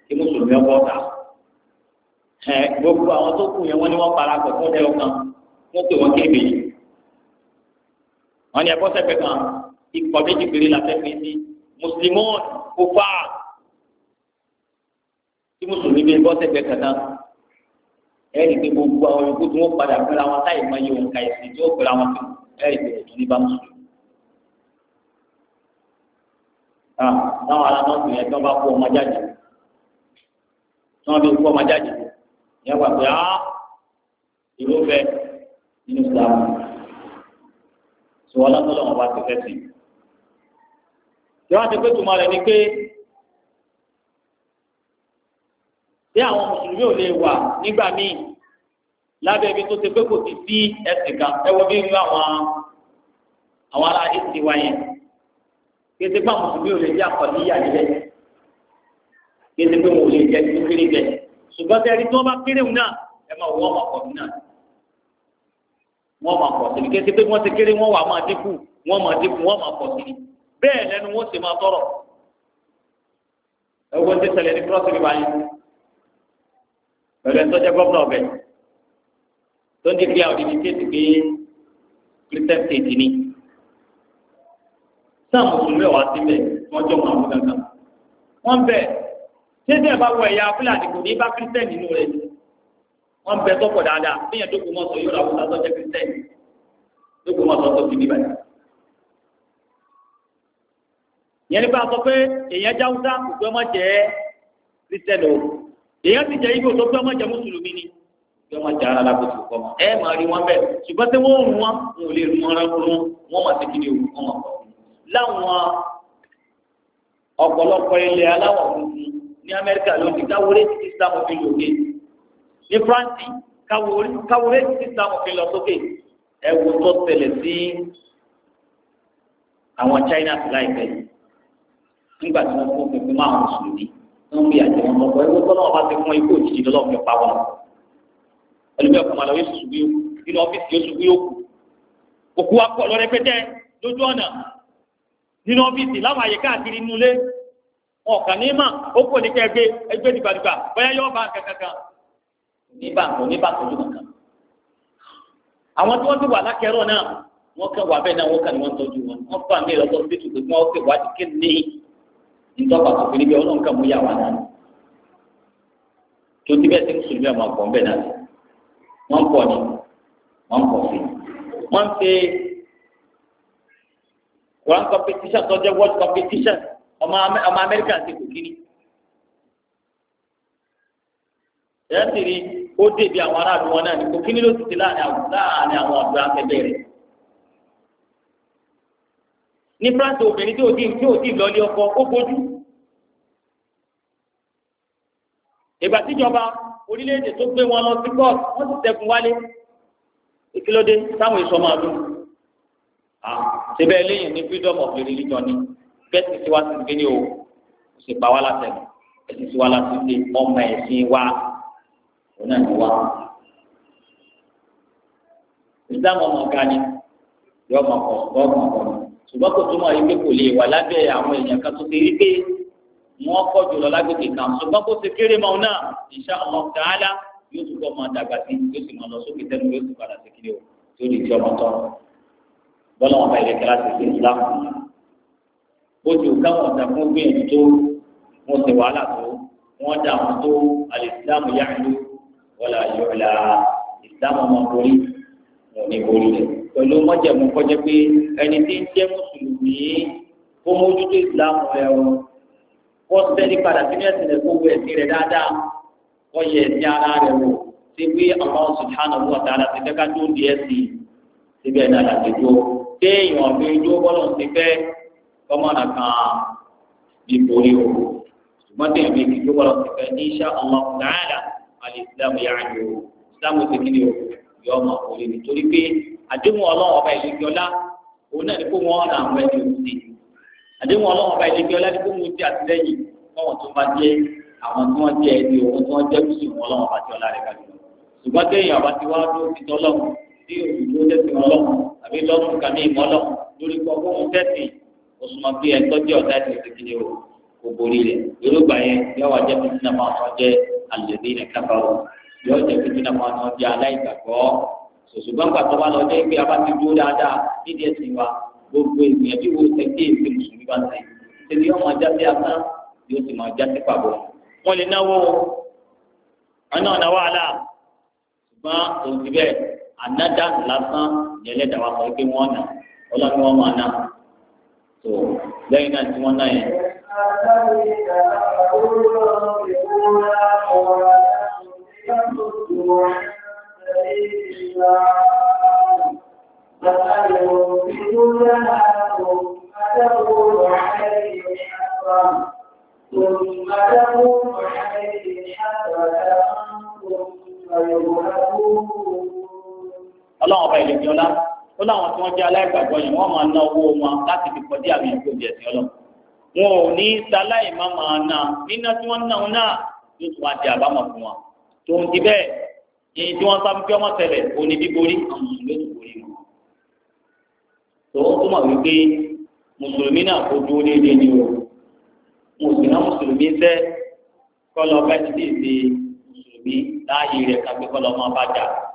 kí mùsùlùmí ọkọ ọ̀tà ẹ gbogbo àwọn tó kù yẹn wọn ni wọn parapọ̀ fún ọdẹ ọkàn wọn pè wọn kébè wọn ni ẹ̀kọ́ sẹ́gbẹ̀ kan ikọ̀ méjì péré la fẹ́ pé sí mùsùlùmí kò fà á tí mùsùlùmí bẹ bọ́ sẹ́gbẹ̀ kankan ẹ̀rí pé gbogbo àwọn yòókù tí wọ́n padà pẹ́ra wọn táyì máa yẹ òǹkà ìsìn tí ó pẹ́ra wọn tó ẹ̀rí pé ètò Ah, táwọn ará nọ́ọ̀sì yẹn tó bá kó ọmọ jáde tí wọ́n fi kó ọmọ jáde yẹn wà pé á ah, ìrúfẹ́ nínú ìsìlámù sọ ọlọ́tọ́lọ́ wọn bá ti fẹ́ sí i. tí wọ́n ti pé tùmọ̀ rẹ̀ ni pé tí àwọn mùsùlùmí ò lè wà nígbà míì lábẹ́ ibi tó ti pé kò sí sí ẹ̀sìn kan ẹ̀wọ̀n bí irú àwọn àwọn ará ìsìn wáyé kété pé àwọn mùsùlùmí ò lè jẹ àkọlíyà nílẹ̀ kété pé wọn ò lè jẹ tó kéré jẹ ṣùgbọ́n tẹ́lẹ̀ tí wọ́n bá kéré wọn náà ẹ máa wọ́n máa pọ̀ sí náà wọ́n máa pọ̀ sí ni kété pé wọ́n ti kéré wọ́n wà máa dínkù wọ́n máa dínkù wọ́n máa pọ̀ sí ni bẹ́ẹ̀ lẹ́nu wọ́n sì máa tọrọ ti ṣẹlẹ̀ ní kúrọ́sì ní báyìí pẹ̀lú ẹ̀tọ́ jẹ́ gọ́ọ̀nà tó ń di pé àwọn ìdíje ti gbé ni táwọn mùsùlùmí ọ̀wá síbẹ̀ wọ́n jọ wọn àwọn gangan. wọ́n bẹ̀ ṣéṣe ẹ̀ bá wọ ẹ̀yà fúlàní kò ní bá kírísítẹ́nì nínú rẹ̀ ni. wọ́n bẹ tọ́pọ̀ dáadáa bí yẹn dókòó mọ́sọ̀ yóò làwọn sọ́jọ́ jẹ́ kírísítẹ́nì dókòó mọ́sọ̀ tó fi níbàyà. yẹn ní bá a sọ pé èèyàn jáwúsá kò gbé ọmọ jẹ́ kírísítẹ́nì o èèyàn ti jẹ́ ibi òtó gbé ọmọ jẹ́ mùsùlùmí ni yọ ma jara la kó tukọ ma ẹ ma rí wọn bẹ ṣùgbọ́n tí wọ́n rún wọn wọn ò lè rún wọn rún wọn ma ti láwọn ọ̀pọ̀lọpọ̀ ilẹ̀ aláwọ̀ funfun ní amẹ́ríkà lónìí káwọ́ rẹ̀ ti islam fi lò dé ní france káwọ́ rẹ̀ ti islam fi lọ sókè ẹ wo tó tẹ̀lẹ̀ sí àwọn china láìpẹ́ nígbà tí wọ́n fún fún máa ń sùn ní wọ́n fi àjẹ wọn lọ́pọ̀ ẹ tó náà bá ti fún ikú òjijì lọ́wọ́ fi pa wọn ẹlòmíràn kò máa lọ yóò sùn bí ó nínú ọ́fíìsì yóò sùn bí ó kù òkú wa kọ̀ lọ lójú ọ̀nà nínú ọ́fíìsì láwọn àyè káàkiri inú ilé ọ̀kan ní mà ó kò ní kẹgbẹ́ ẹgbẹ́ dìgbàdìgbà bóyá yóò bá kankankan níbà kò níbà kò tó kankan. àwọn tí wọ́n ti wà lákẹ́rọ̀ náà wọ́n kẹ́ wà bẹ́ẹ̀ náà wọ́n kà ní wọ́n tọ́jú wọn wọ́n fà mí lọ́sọ̀ sí tùtù pé wọ́n kẹ́ wá ti ké ní ìtọ́pà tó fi níbi ọlọ́run kà mú yà wà náà. tó ti bẹ́ẹ̀ tí mùsùlùmí ọmọ ọ̀pọ̀ ń náà wọ́n pọ̀ ní wọ́n pọ̀ sí wọ́n ń ṣe Quran competition tó jẹ́ world competition ọmọ ọmọ Amẹ́ríkà ti kò kiri. Ẹ ti rí ó débi àwọn aráàlú wọn náà ní kò kiri ló ti ti láàrin àwọn ọ̀dọ́ akẹgbẹ́ rẹ̀. Ní France obìnrin tí ò tí tí ò tí lọlé ọkọ ó bójú. Ìgbà tíjọba orílẹ̀-èdè tó gbé wọn lọ sí court wọ́n ti tẹkùn wálé. Ìkílódé táwọn èso máa lò. Ah síbẹ̀ lẹ́yìn ní freedom of religion ni bẹ́ẹ̀ sì tiwa sí kíni o kò sì pa wá láti ẹ̀mí bẹ́ẹ̀ sì tiwa láti ṣe ọmọ ẹ̀sìn wa òun náà ni wá. Islam ọmọ ọ̀gá ni yọ ọmọ ọkọ̀ ọmọ ọkọ̀ ṣùgbọ́n kò túmọ̀ yìí pé kò lè wà lábẹ́ àwọn èèyàn kan tó ti rí pé wọ́n kọ́ jùlọ lágbègbè kan ṣùgbọ́n kó ti kéré mọ́ náà insha Allah ta'ala yóò túbọ̀ máa bọ́lá wọn bá ilé kíláà ti islam fún yẹn ojú káwọn ọ̀sẹ̀ fún gbìyànjú tó wọn ṣe wàhálà tó wọn dà wọn tó alìsílámù yáàlú wọlé ayọ̀lá ìsìlámù ọmọ borí wọn ní borí rẹ pẹ̀lú mọ́jẹ̀mú kọjá pé ẹni tí ń jẹ́ mùsùlùmí kó mójútó ìsìlámù rẹ o kó sẹ́ni padà sínú ẹ̀sìn rẹ kó ẹ̀sìn rẹ dáadáa kó yẹ ẹ̀sìn ara rẹ wò ṣé pé àwọn subhanahu wa ta'ala ti fẹ́ ká tó di ẹ̀sìn síbẹ̀ náà làgbẹ́jọ́ téèyàn fi ojú bọ́lọ̀ ti fẹ́ kọ́mọ́nà kan ipò rí o ṣùgbọ́n téèyàn fi ojú bọ́lọ̀ ti fẹ́ ní insha Allah ta'ala alìsílámù yára ni o ìsìlámù ti kí ni o yọ ọmọ òye nítorí pé àdéhùn ọlọ́run ọba ìlẹ́gbẹ̀ọ́lá òun náà ní kó wọ́n ra àwọn ẹni òsì àdéhùn ọlọ́run ọba ìlẹ́gbẹ̀ọ́lá ní kó wọ́n ti àtìlẹ́yìn fọwọ́n tó bá jẹ́ àwọn tí wọ́n jẹ́ ẹni òun tí wọ́n jẹ́ mùsùlùmí ọlọ́run ọba ti ọlá rẹ̀ kájú ṣùgbọ́n téèyàn ọba ti wá dúró ti tọ́lọ́run tí òṣìṣẹ́ tẹ̀sí ọlọ́run àbí lọ́mú kàmí ìmọ́lọ̀ lórí kọ́ fún un tẹ́sì òṣùmọ̀ pé ẹ̀ tọ́jú ọ̀tá ẹ̀ tẹ̀sí kiri o kò borí rẹ̀ yorùbá yẹn yóò wá jẹ́ pípín náà máa tán jẹ́ àlèdè ní kábàrò yóò jẹ́ pípín náà máa tán jẹ́ aláìgbàgbọ́ ṣùgbọ́n pàtó wa lọ jẹ́ pé abáti dúró dáadáa nídìí ẹ̀sìn wa gbogbo ìgbìyànjú wo ṣẹ́kí èsì mùsùlùmí bá ń sè tẹ̀lé yóò máa já sí asán yóò sì máa já sí pàbọ̀ wọ́n lè náwó ọ̀nà ọ̀nà wàhálà ṣùgbọ́n òun ti ní ẹlẹ́dàá wa sọ pé wọ́n nà ọlọ́run wọn máa nà tó lẹ́yìn náà tí wọ́n nà yẹn. ثم تكون عليه حسرة ثم يغلبون ọlọ́run ọba ìlẹ̀kẹ́ ọlá ó láwọn tí wọ́n jẹ́ aláìgbàgbọ́ yẹn wọ́n máa ná owó wọn láti fi kọjá àmì ìkó ìjẹ́ sí ọlọ́run wọn ò ní sáláì má máa ná níná tí wọ́n náà náà yóò tún wá di àbámọ̀ fún wọn tó ń di bẹ́ẹ̀ èyí tí wọ́n sábẹ́ ọmọ tẹ̀lẹ̀ òní bíborí àwọn yóò tún borí wọn. tó ó túmọ̀ wípé mùsùlùmí náà kó dúró déédéé ni o mùsùlùmí náà mùsùlùmí sẹ́ kọ́lọ́ bá ti dé ìdè mùsùlùmí láàyè rẹ̀ tàbí kọ́lọ́ máa bá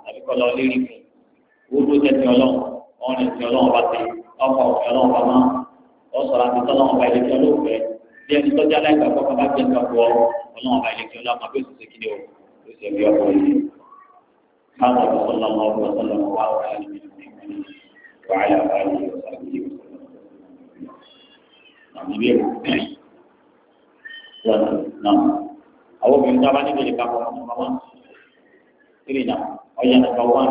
tàbí kọ́lọ́ lérí fún gbogbo tẹsí ọlọ́run ọrìn tí ọlọ́run bá ti ọkọ òfin ọlọ́run bá má ọsọrọ àti tọlọ́run bá ilé tí ọlọ́run fẹ́ bí ẹni tọjá láìpẹ́ àkọ́kọ́ bá jẹ nǹkan bọ ọlọ́run bá ilé tí ọlọ́run àbí òṣìṣẹ́ kí ni o òṣìṣẹ́ bí ọkọ yìí káàdà ọsọlọ ọmọ ọdún ọsọlọ ọmọ wa wà ní wàhálà wàhálà ọsàkìlì ọsàkìlì àwọn obìnrin tí a bá níbi ìpapọ̀ ọmọ wa kiri náà ọ̀yà nàbà wà.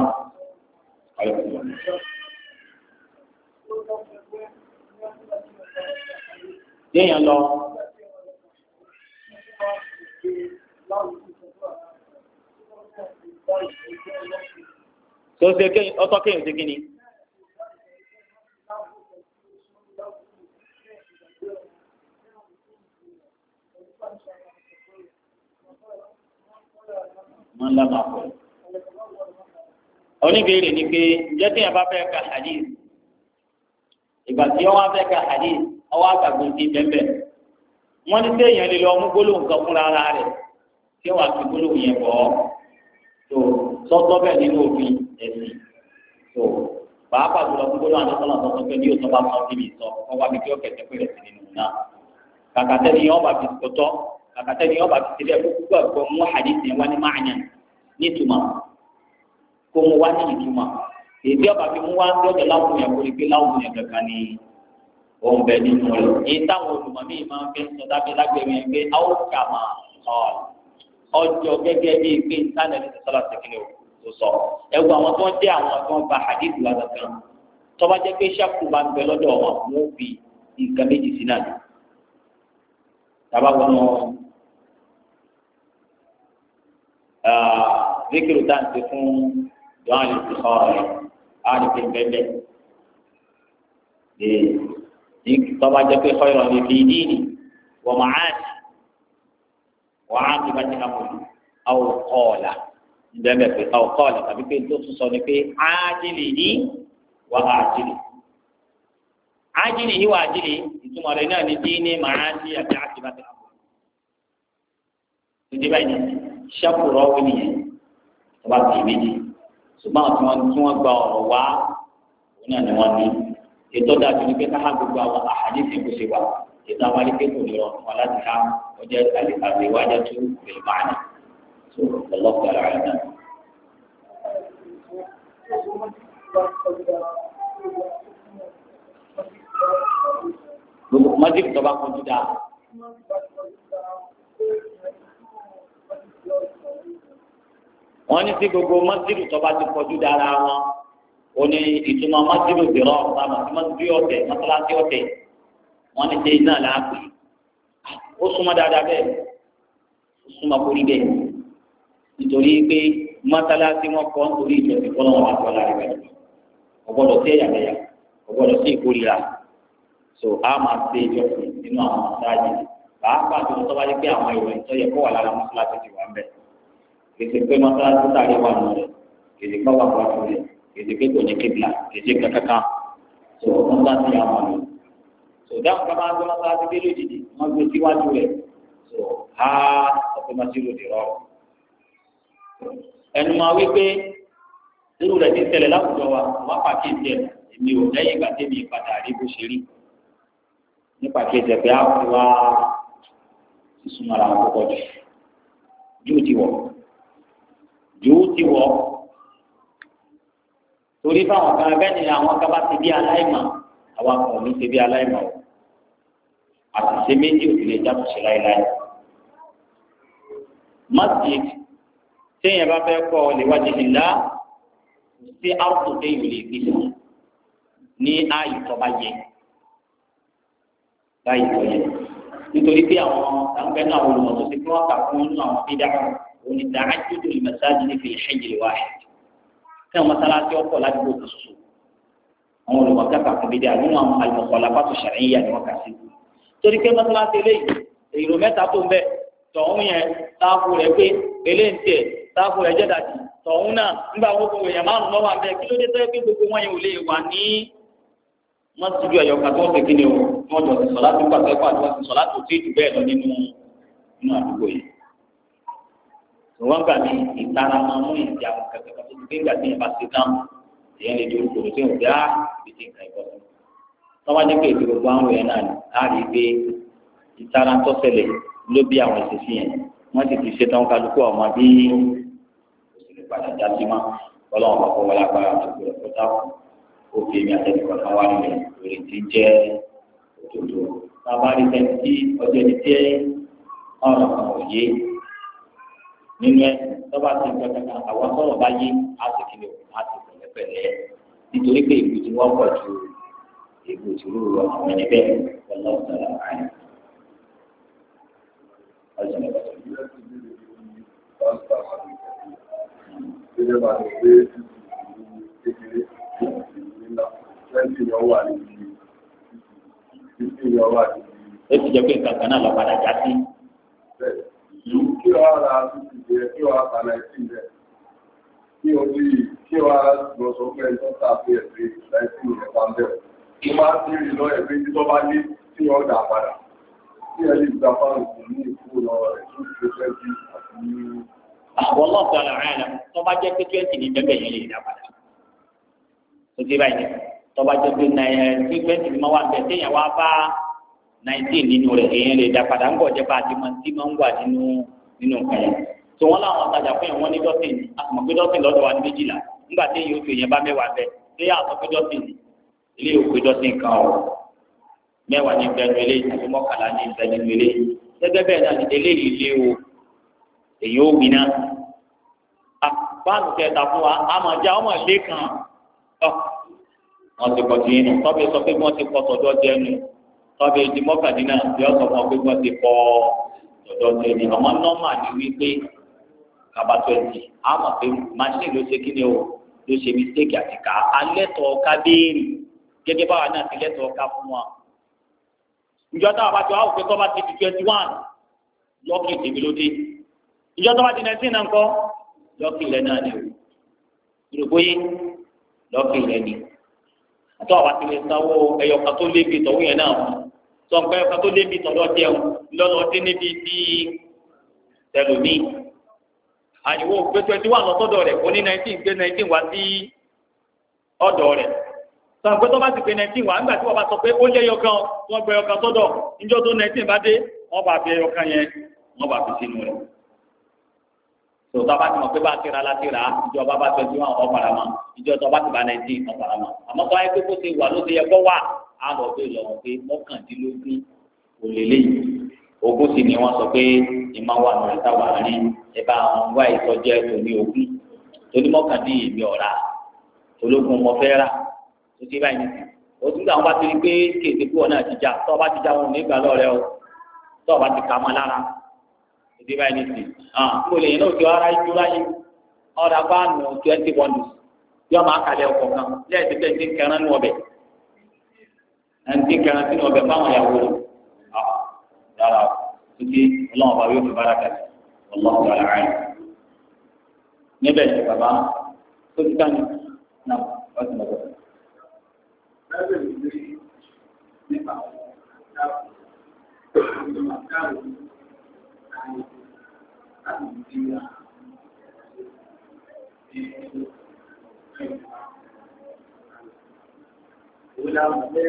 Déèyàn lọ. Tó ṣe kéyìn ọtọ́ kéyìn ṣe kíni. Wọ́n lábàá pọ̀ oníbèrè ni pé ǹjẹ́ tí yẹn bá fẹ́ ka hadith ìgbà tí wọ́n fẹ́ ka hadith ọwọ́ àgbàgbé ti bẹ́ẹ̀ wọ́n ní sẹ́yìn lè lọ mú gbólóhùn kan fúnra ara rẹ̀ tí wọ́n á fi gbólóhùn yẹn bọ̀ ọ́ tó sọ́tọ́ bẹ́ẹ̀ nínú òfin ẹ̀sìn tó pàápàá jùlọ fún gbólóhùn àdókòlà sọ́tọ́ pé ní òtọ́ bá sọ sí mi sọ wọ́n wá mi kí ọ̀kẹ́ tẹ́ pẹ̀lẹ́ sí nínú náà kàkàtẹ́ ni yọ́n bá fi sọ́tọ́ kàkàtẹ́ ni yọ́n bá fi sílẹ̀ fún gbogbo àgbọ̀ mú hadith yẹn wá ní máàyàn nítumọ̀ kó mu wá ní ìtumọ̀ èdè ọba fi mu wá ní ọjà láwùjọ yẹn kó lè gbé láwùjọ yẹn kankan ní òun bẹ nínú rẹ èyí táwọn olùmọ̀ míì máa ń fẹ́ sọ dábẹ́ lágbẹ̀rẹ̀ yẹn pé àwọn kà máa sọ ọjọ́ gẹ́gẹ́ bíi pé ìtànẹ́ẹ̀tì sọ́lá sẹ́kìlẹ̀ ò sọ ẹ̀wù àwọn tó ń jẹ́ àwọn tó ń ba hadith wa kankan tọ́ba jẹ́ pé ṣàkóso bá ń bẹ lọ́dọ̀ wọn wọ́n fi nǹkan méjì sí náà taba kɔnɔ zikiru yọ àlè ti kọ́ ọ̀rẹ́ àlè ti bẹ́ẹ̀ ee tọ́ba jẹ́ pé kọ́yọ̀ ní fi díìnì wọ́n máa ń wọ́n á ti bá ti hàn mọ́lù àwọn kọ́ọ̀là bẹ́ẹ̀ pé àwọn kọ́ọ̀là tàbí pé tó sọ ni pé ájílì ní wọ́n ájílì ájílì yìí wọ́n ájílì ìtumọ̀ rẹ̀ náà ní díìnì máa ń di àti àti bá ti hàn mọ́lù. ìdíbà yìí ṣàkùrọ̀ wí nìyẹn tọ́ba ti méjì ṣùgbọ́n àwọn tí wọ́n tí wọ́n gba ọ̀rọ̀ wá òun náà ni wọ́n ní ètò dájú ní pé káhá gbogbo àwọn àhàdí ti kù sí wa ètò àwọn alẹ́ kékeré ní ọ̀rọ̀ wọn láti ká wọ́n jẹ́ àlè ìwájà tó bẹ̀rẹ̀ máa tó lọ́lọ́pọ̀ rẹ̀ náà. gbogbo tó bá kọjú dáa. wọ́n ní sí gbogbo mọ́sídù tó bá ti kọjú dára wọn ó ní ìtumọ̀ mọ́sídù zèrọ ọ̀pá mọ́sídù ọ̀tẹ̀ mọ́sálásí ọ̀tẹ̀ wọ́n ní sí iná làákù ó súnmọ́ dáadáa bẹ́ẹ̀ ó súnmọ́ kórì bẹ́ẹ̀ nítorí pé mọ́sálásí wọn kọ́ nítorí ìjọsìn fọlọ́wọn àti ọ̀la rẹ̀ bẹ́ẹ̀ ọgbọ́dọ̀ sí ẹ̀yàmẹ̀yà ọgbọ́dọ̀ sí ìkórìíra so a máa ṣe ìjọsìn nínú àwọn mọ́sálásí pàápàá tó tọ́ bá yẹ pé àwọn ìwẹ̀ ìtọ́yẹ kó wà lára mọ́sálásí kìsì pé mọ́sálásí sáré wà nù rẹ̀ kìsì pé wà wà fún rẹ̀ kìsì pé kò ní kébìlà kìsì kankan tó mọ́sálásí yà wà nù. tó dáhùn ká máa gbé mọ́sálásí dé lójijì wọ́n gbé síwájú rẹ̀ tó há ọ̀pẹ mọ́sílò dì rọrùn. ẹnu máa wí pé irú rẹ̀ ti ṣẹlẹ̀ láwùjọ wa wọ́n pàkíyèsí ẹ̀ èmi ò lẹ́yìn ìgbà tẹ́mi ìpadà rí ṣe rí nípa kí ẹsẹ̀ pé á wá sísun ara wọn jù yóò ti wọ̀ yòó ti wọ̀ torí fáwọn kan bẹ́ẹ̀ ni àwọn kan bá ti bí aláìmọ̀ àwọn kan ò ní ti bí aláìmọ̀ o àtúnṣe méjì ò sì lè jàtúnṣe láéláé masjid téèyàn bá fẹ́ kọ́ ọ lè wájú ìlà sí áwùtò téèyàn lè gbé sí ní ààyè tó bá yẹ láàyè tó yẹ nítorí pé àwọn àwọn bẹ́ẹ̀ náà wọlé wọn tó ti fi wọn kà fún àwọn fídà kan òní tàájúdù ìmẹ̀sáàjì ní fìlẹ̀ ṣẹ́jìlì wáhẹ̀ kí àwọn mọ́sálásí ọkọ̀ ládùúgbò kan ṣoṣo àwọn olùmọ̀ọ́ká pàtó bíi díà nínú àwọn àlùmọ̀kọ́ alápàtó ṣàríyà ni wọ́n kà sí. torí pé mọ́sálásí eléyìí èrò mẹ́ta tó ń bẹ tọ̀hún yẹn táàfù rẹ̀ pé eléǹtẹ̀ táàfù rẹ̀ jẹ́dàjì tọ̀hún náà nígbà wo gbogbo èèyàn márùn lọ́wọ́ abẹ́ kí ló dé tẹ́ pé gbogbo wọn yẹn ò lè wà ní mọ́sídìí ọ̀yọ́ka tó ń pè kí ni o wọ́n jọ ti sọ̀ láti pàṣẹ pàṣẹ wọ́n ti sọ̀ láti òtí jù bẹ́ẹ̀ lọ nínú àdúgbò yìí wọn gbà mí ìtara máa mú ìdí àwọn kẹkẹ kan tó ti gbégbà tí ìbá ti tán ìyẹn lè dúró kòrò tí ò bí á ibi tí nǹkan ìbọn tọ́wọ́n jẹ́ pé èdè gbogbo àwọn èèyàn náà á rí i pé ìtara tó ṣẹlẹ̀ ló bí àwọn ìṣesí yẹn wọ́n sì ti ṣetán kálukú ọmọ bí òṣèlú padà já sí mọ́ ọlọ́run ọkọ̀ wọlé agbára tó gbé ọkọ̀ táwọn òbí mi àtẹnukọ̀ kan wá nílẹ̀ lórí ti jẹ́ òdodo tábàárí tẹ́tí ọjọ́ ẹni tí ọ̀rọ̀ kan òye nínú ẹ tọ́ba ti nǹkan kankan àwọn sọ̀rọ̀ bá yé àti kìlọ̀ àti ìpínlẹ̀ pẹ̀lẹ́ nítorí pé ìlú tí wọ́n pọ̀ ju ìlú ìṣòro lọ àwọn ẹni bẹ́ẹ̀ lọ́wọ́ sọ̀rọ̀ àárín. Ó ti jẹ́ pé nǹkan kan náà lọ padà já sí ìlú kí ọ ara títí jẹ kí ọ àpàlà ìsìn rẹ̀ kí o rí kí ọ ara lọ sọ pé ẹni tó ń tàbí ẹ̀sìn láìsí ìrẹ̀ pàǹdẹ̀ mo máa ń rí lọ ẹ̀fẹ́ tí tó bá ní tí ọ dà padà kí ẹ lè gba fáwọn òkú ní ìkú lọ rẹ̀ tó ti fẹ́ bí àti ní. àwọn wá bá nineteen nínú rẹ̀ èèyàn lè dá padà ń bọ̀ jẹ́ bá a ti mọ tí máa ń wà nínú nínú nǹkan yẹn tó wọn làwọn ọ̀tajà fún yẹn wọ́n ní dọ́sìn ni a sì mọ̀ pé dọ́sìn lọ́dọ̀ wa ní méjìlá nígbà tí èyí oṣù yẹn bá mẹ́wàá bẹ̀ ṣé yà sọ pé dọ́sìn ni ilé òkú dọ́sìn kan ọ̀ mẹ́wàá ní ìbẹ̀nu ilé àti mọ́kànlá ní ìbẹ̀nu ilé gẹ́gẹ́ bẹ́ẹ̀ náà ilé lé o èyí ó wí náà báàlù kẹta fún wa àmọ̀já ọmọ ilé kan ọ̀ wọ́n ti kọ̀ sí inú tọ́bí sọ pé wọ́n ti kọ̀ sọ̀dọ̀ jẹ́nu tọ́bi di mọ́kàdínà tí ọ̀sọ̀ fún ọgbẹ́ gbọ́n ti kọ́ ọ̀dọ̀ tẹ̀lé ọmọ nọ́mà ni wípé kaba twenty àmọ̀ pé machine ló ṣe kí ni o ló ṣe mistake àti ká alẹ́tọ̀ ọ̀ka béèrè gẹ́gẹ́ báwa náà ti lẹ́tọ̀ ọ̀ka fún wa. ìjọ táwọn bá ti wá òfin tọ́ba ti di twenty one lọ́kì tèmi ló dé ìjọ tọ́ba ti nineteen náà ń kọ́ lọ́kì rẹ̀ náà ni o ìrògbóyè lọ́kì rẹ̀ ni àtọ́wọ́ àti lè sanwó ẹyọkan tó lé bí sọ nǹkan tó débi tọ̀dọ̀ jẹun lọ́nà dé níbi tí tẹlomi àyẹ̀wò gbé twenty one lọ́sọ́dọ̀ rẹ̀ kó ní nineteen gbé nineteen wá sí ọ̀dọ̀ rẹ̀ sọ tó bá ti gbé nineteen wá nígbà tí wọ́n bá sọ pé ó lé ẹyọkan wọ́n gbé ẹyọkan sọ́dọ̀ níjọ́ tó nineteen bá dé wọ́n bá fi ẹyọkan yẹn wọ́n bá fi sínú rẹ̀ tòótọ́ bá ti mọ̀ pé bá ti láti rà á ìjọba bá twenty one ọ̀pára mọ́ ìjọ tó bá ti bá nineteen ọ̀pára mọ́ àmọ́ tó ayé pé kó ti wà ló ti yẹ kó wà àlọ́ bẹ́ẹ̀ lọ́wọ́ pé mọ́kàndínlógún kò lè léyìí ogún sì ni wọ́n sọ pé ìmọ̀ wà lórí táwa rí ẹ bá àwọn wá ìtọ́jẹ́ òní ogún torí mọ́kàndín èmi ọ̀ra ológun mo fẹ́ rà tó ti báyìí nìkan òtún tí àwọn bá ti rí pé kéde kúrò náà ti já tọ́ ọ bá ti já wọn ò ní gbà lọ́rẹ́ o tọ́ ọ bá ti kà mọ́ lára tó ti báyìí nìkan hàn kó lè yẹn náà ti ara ìjú láyé ọ̀rọ̀ ẹnití kẹrìntì ọbẹ fáwọn ìyàwó rẹ dára títí ọlọ́run bá yóò fi bára kẹsì ọlọ́run bá yàrá yìí. níbẹ̀ ṣe bàbá tó ti tán náà wọ́n ti lọ́gbọ̀. Thank you. انظر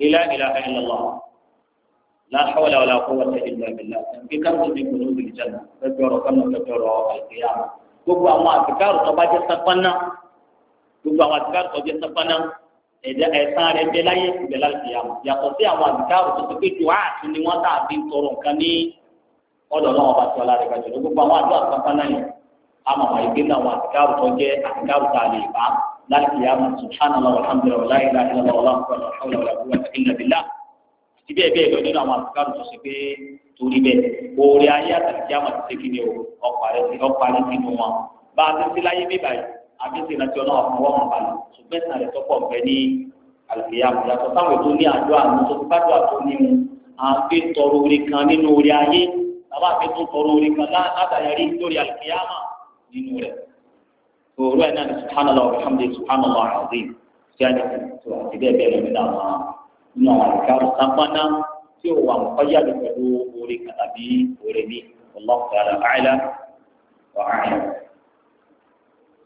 لا اله الا الله لا حول ولا قوه الا بالله بكم من قلوب الجنه تجرى كم تجرى القيامه gbogbo àwọn àtikáàrò tó bá jẹ sápánná gbogbo àwọn àtikáàrò tó jẹ ẹ̀dá ẹ̀sán rẹ̀ bẹ láyé ìbẹ̀ láti yàmù yàtọ̀ sí àwọn àdìkárò tó ti pé ju àti ni wọ́n tàbí tọrọ nǹkan ní ọ̀dọ̀ náà ọba tí ọlá rẹ̀ gbàjọ́ gbogbo àwọn àdúrà kankan náà yẹn àmọ́ àwọn ìgbé náà àwọn àdìkárò tó jẹ́ àdìkárò tá a lè bá láti yàmù subhanallah alhamdulilayi la ilaha illallah wala hawla wala quwwata illa billah ti àbísí ìrántí ọlọ́wọ́ fún wọn balẹ̀ ṣùgbọ́n ìsàn rẹ̀ tọ́pọ̀ bẹ ní àlùfíàmù yàtọ̀ sáwọn ètò ní àjọ àmì tó ti bá tó àtò ní mu àfi tọrọ orí kan nínú orí ayé bàbá àfi tó tọrọ orí kan látàyẹrí lórí àlùfíàmù nínú rẹ̀ òru ẹ̀ náà ní subhanallah alhamdulilayi subhanallah alazim ṣé àti tó àti bẹ́ẹ̀ bẹ́ẹ̀ lómi náà máa nínú àwọn àlùkárù sápáná tí ó wà mọ́kànlá pẹ̀lú orí kan tàbí orí mi ọlọ́kùnrin àlà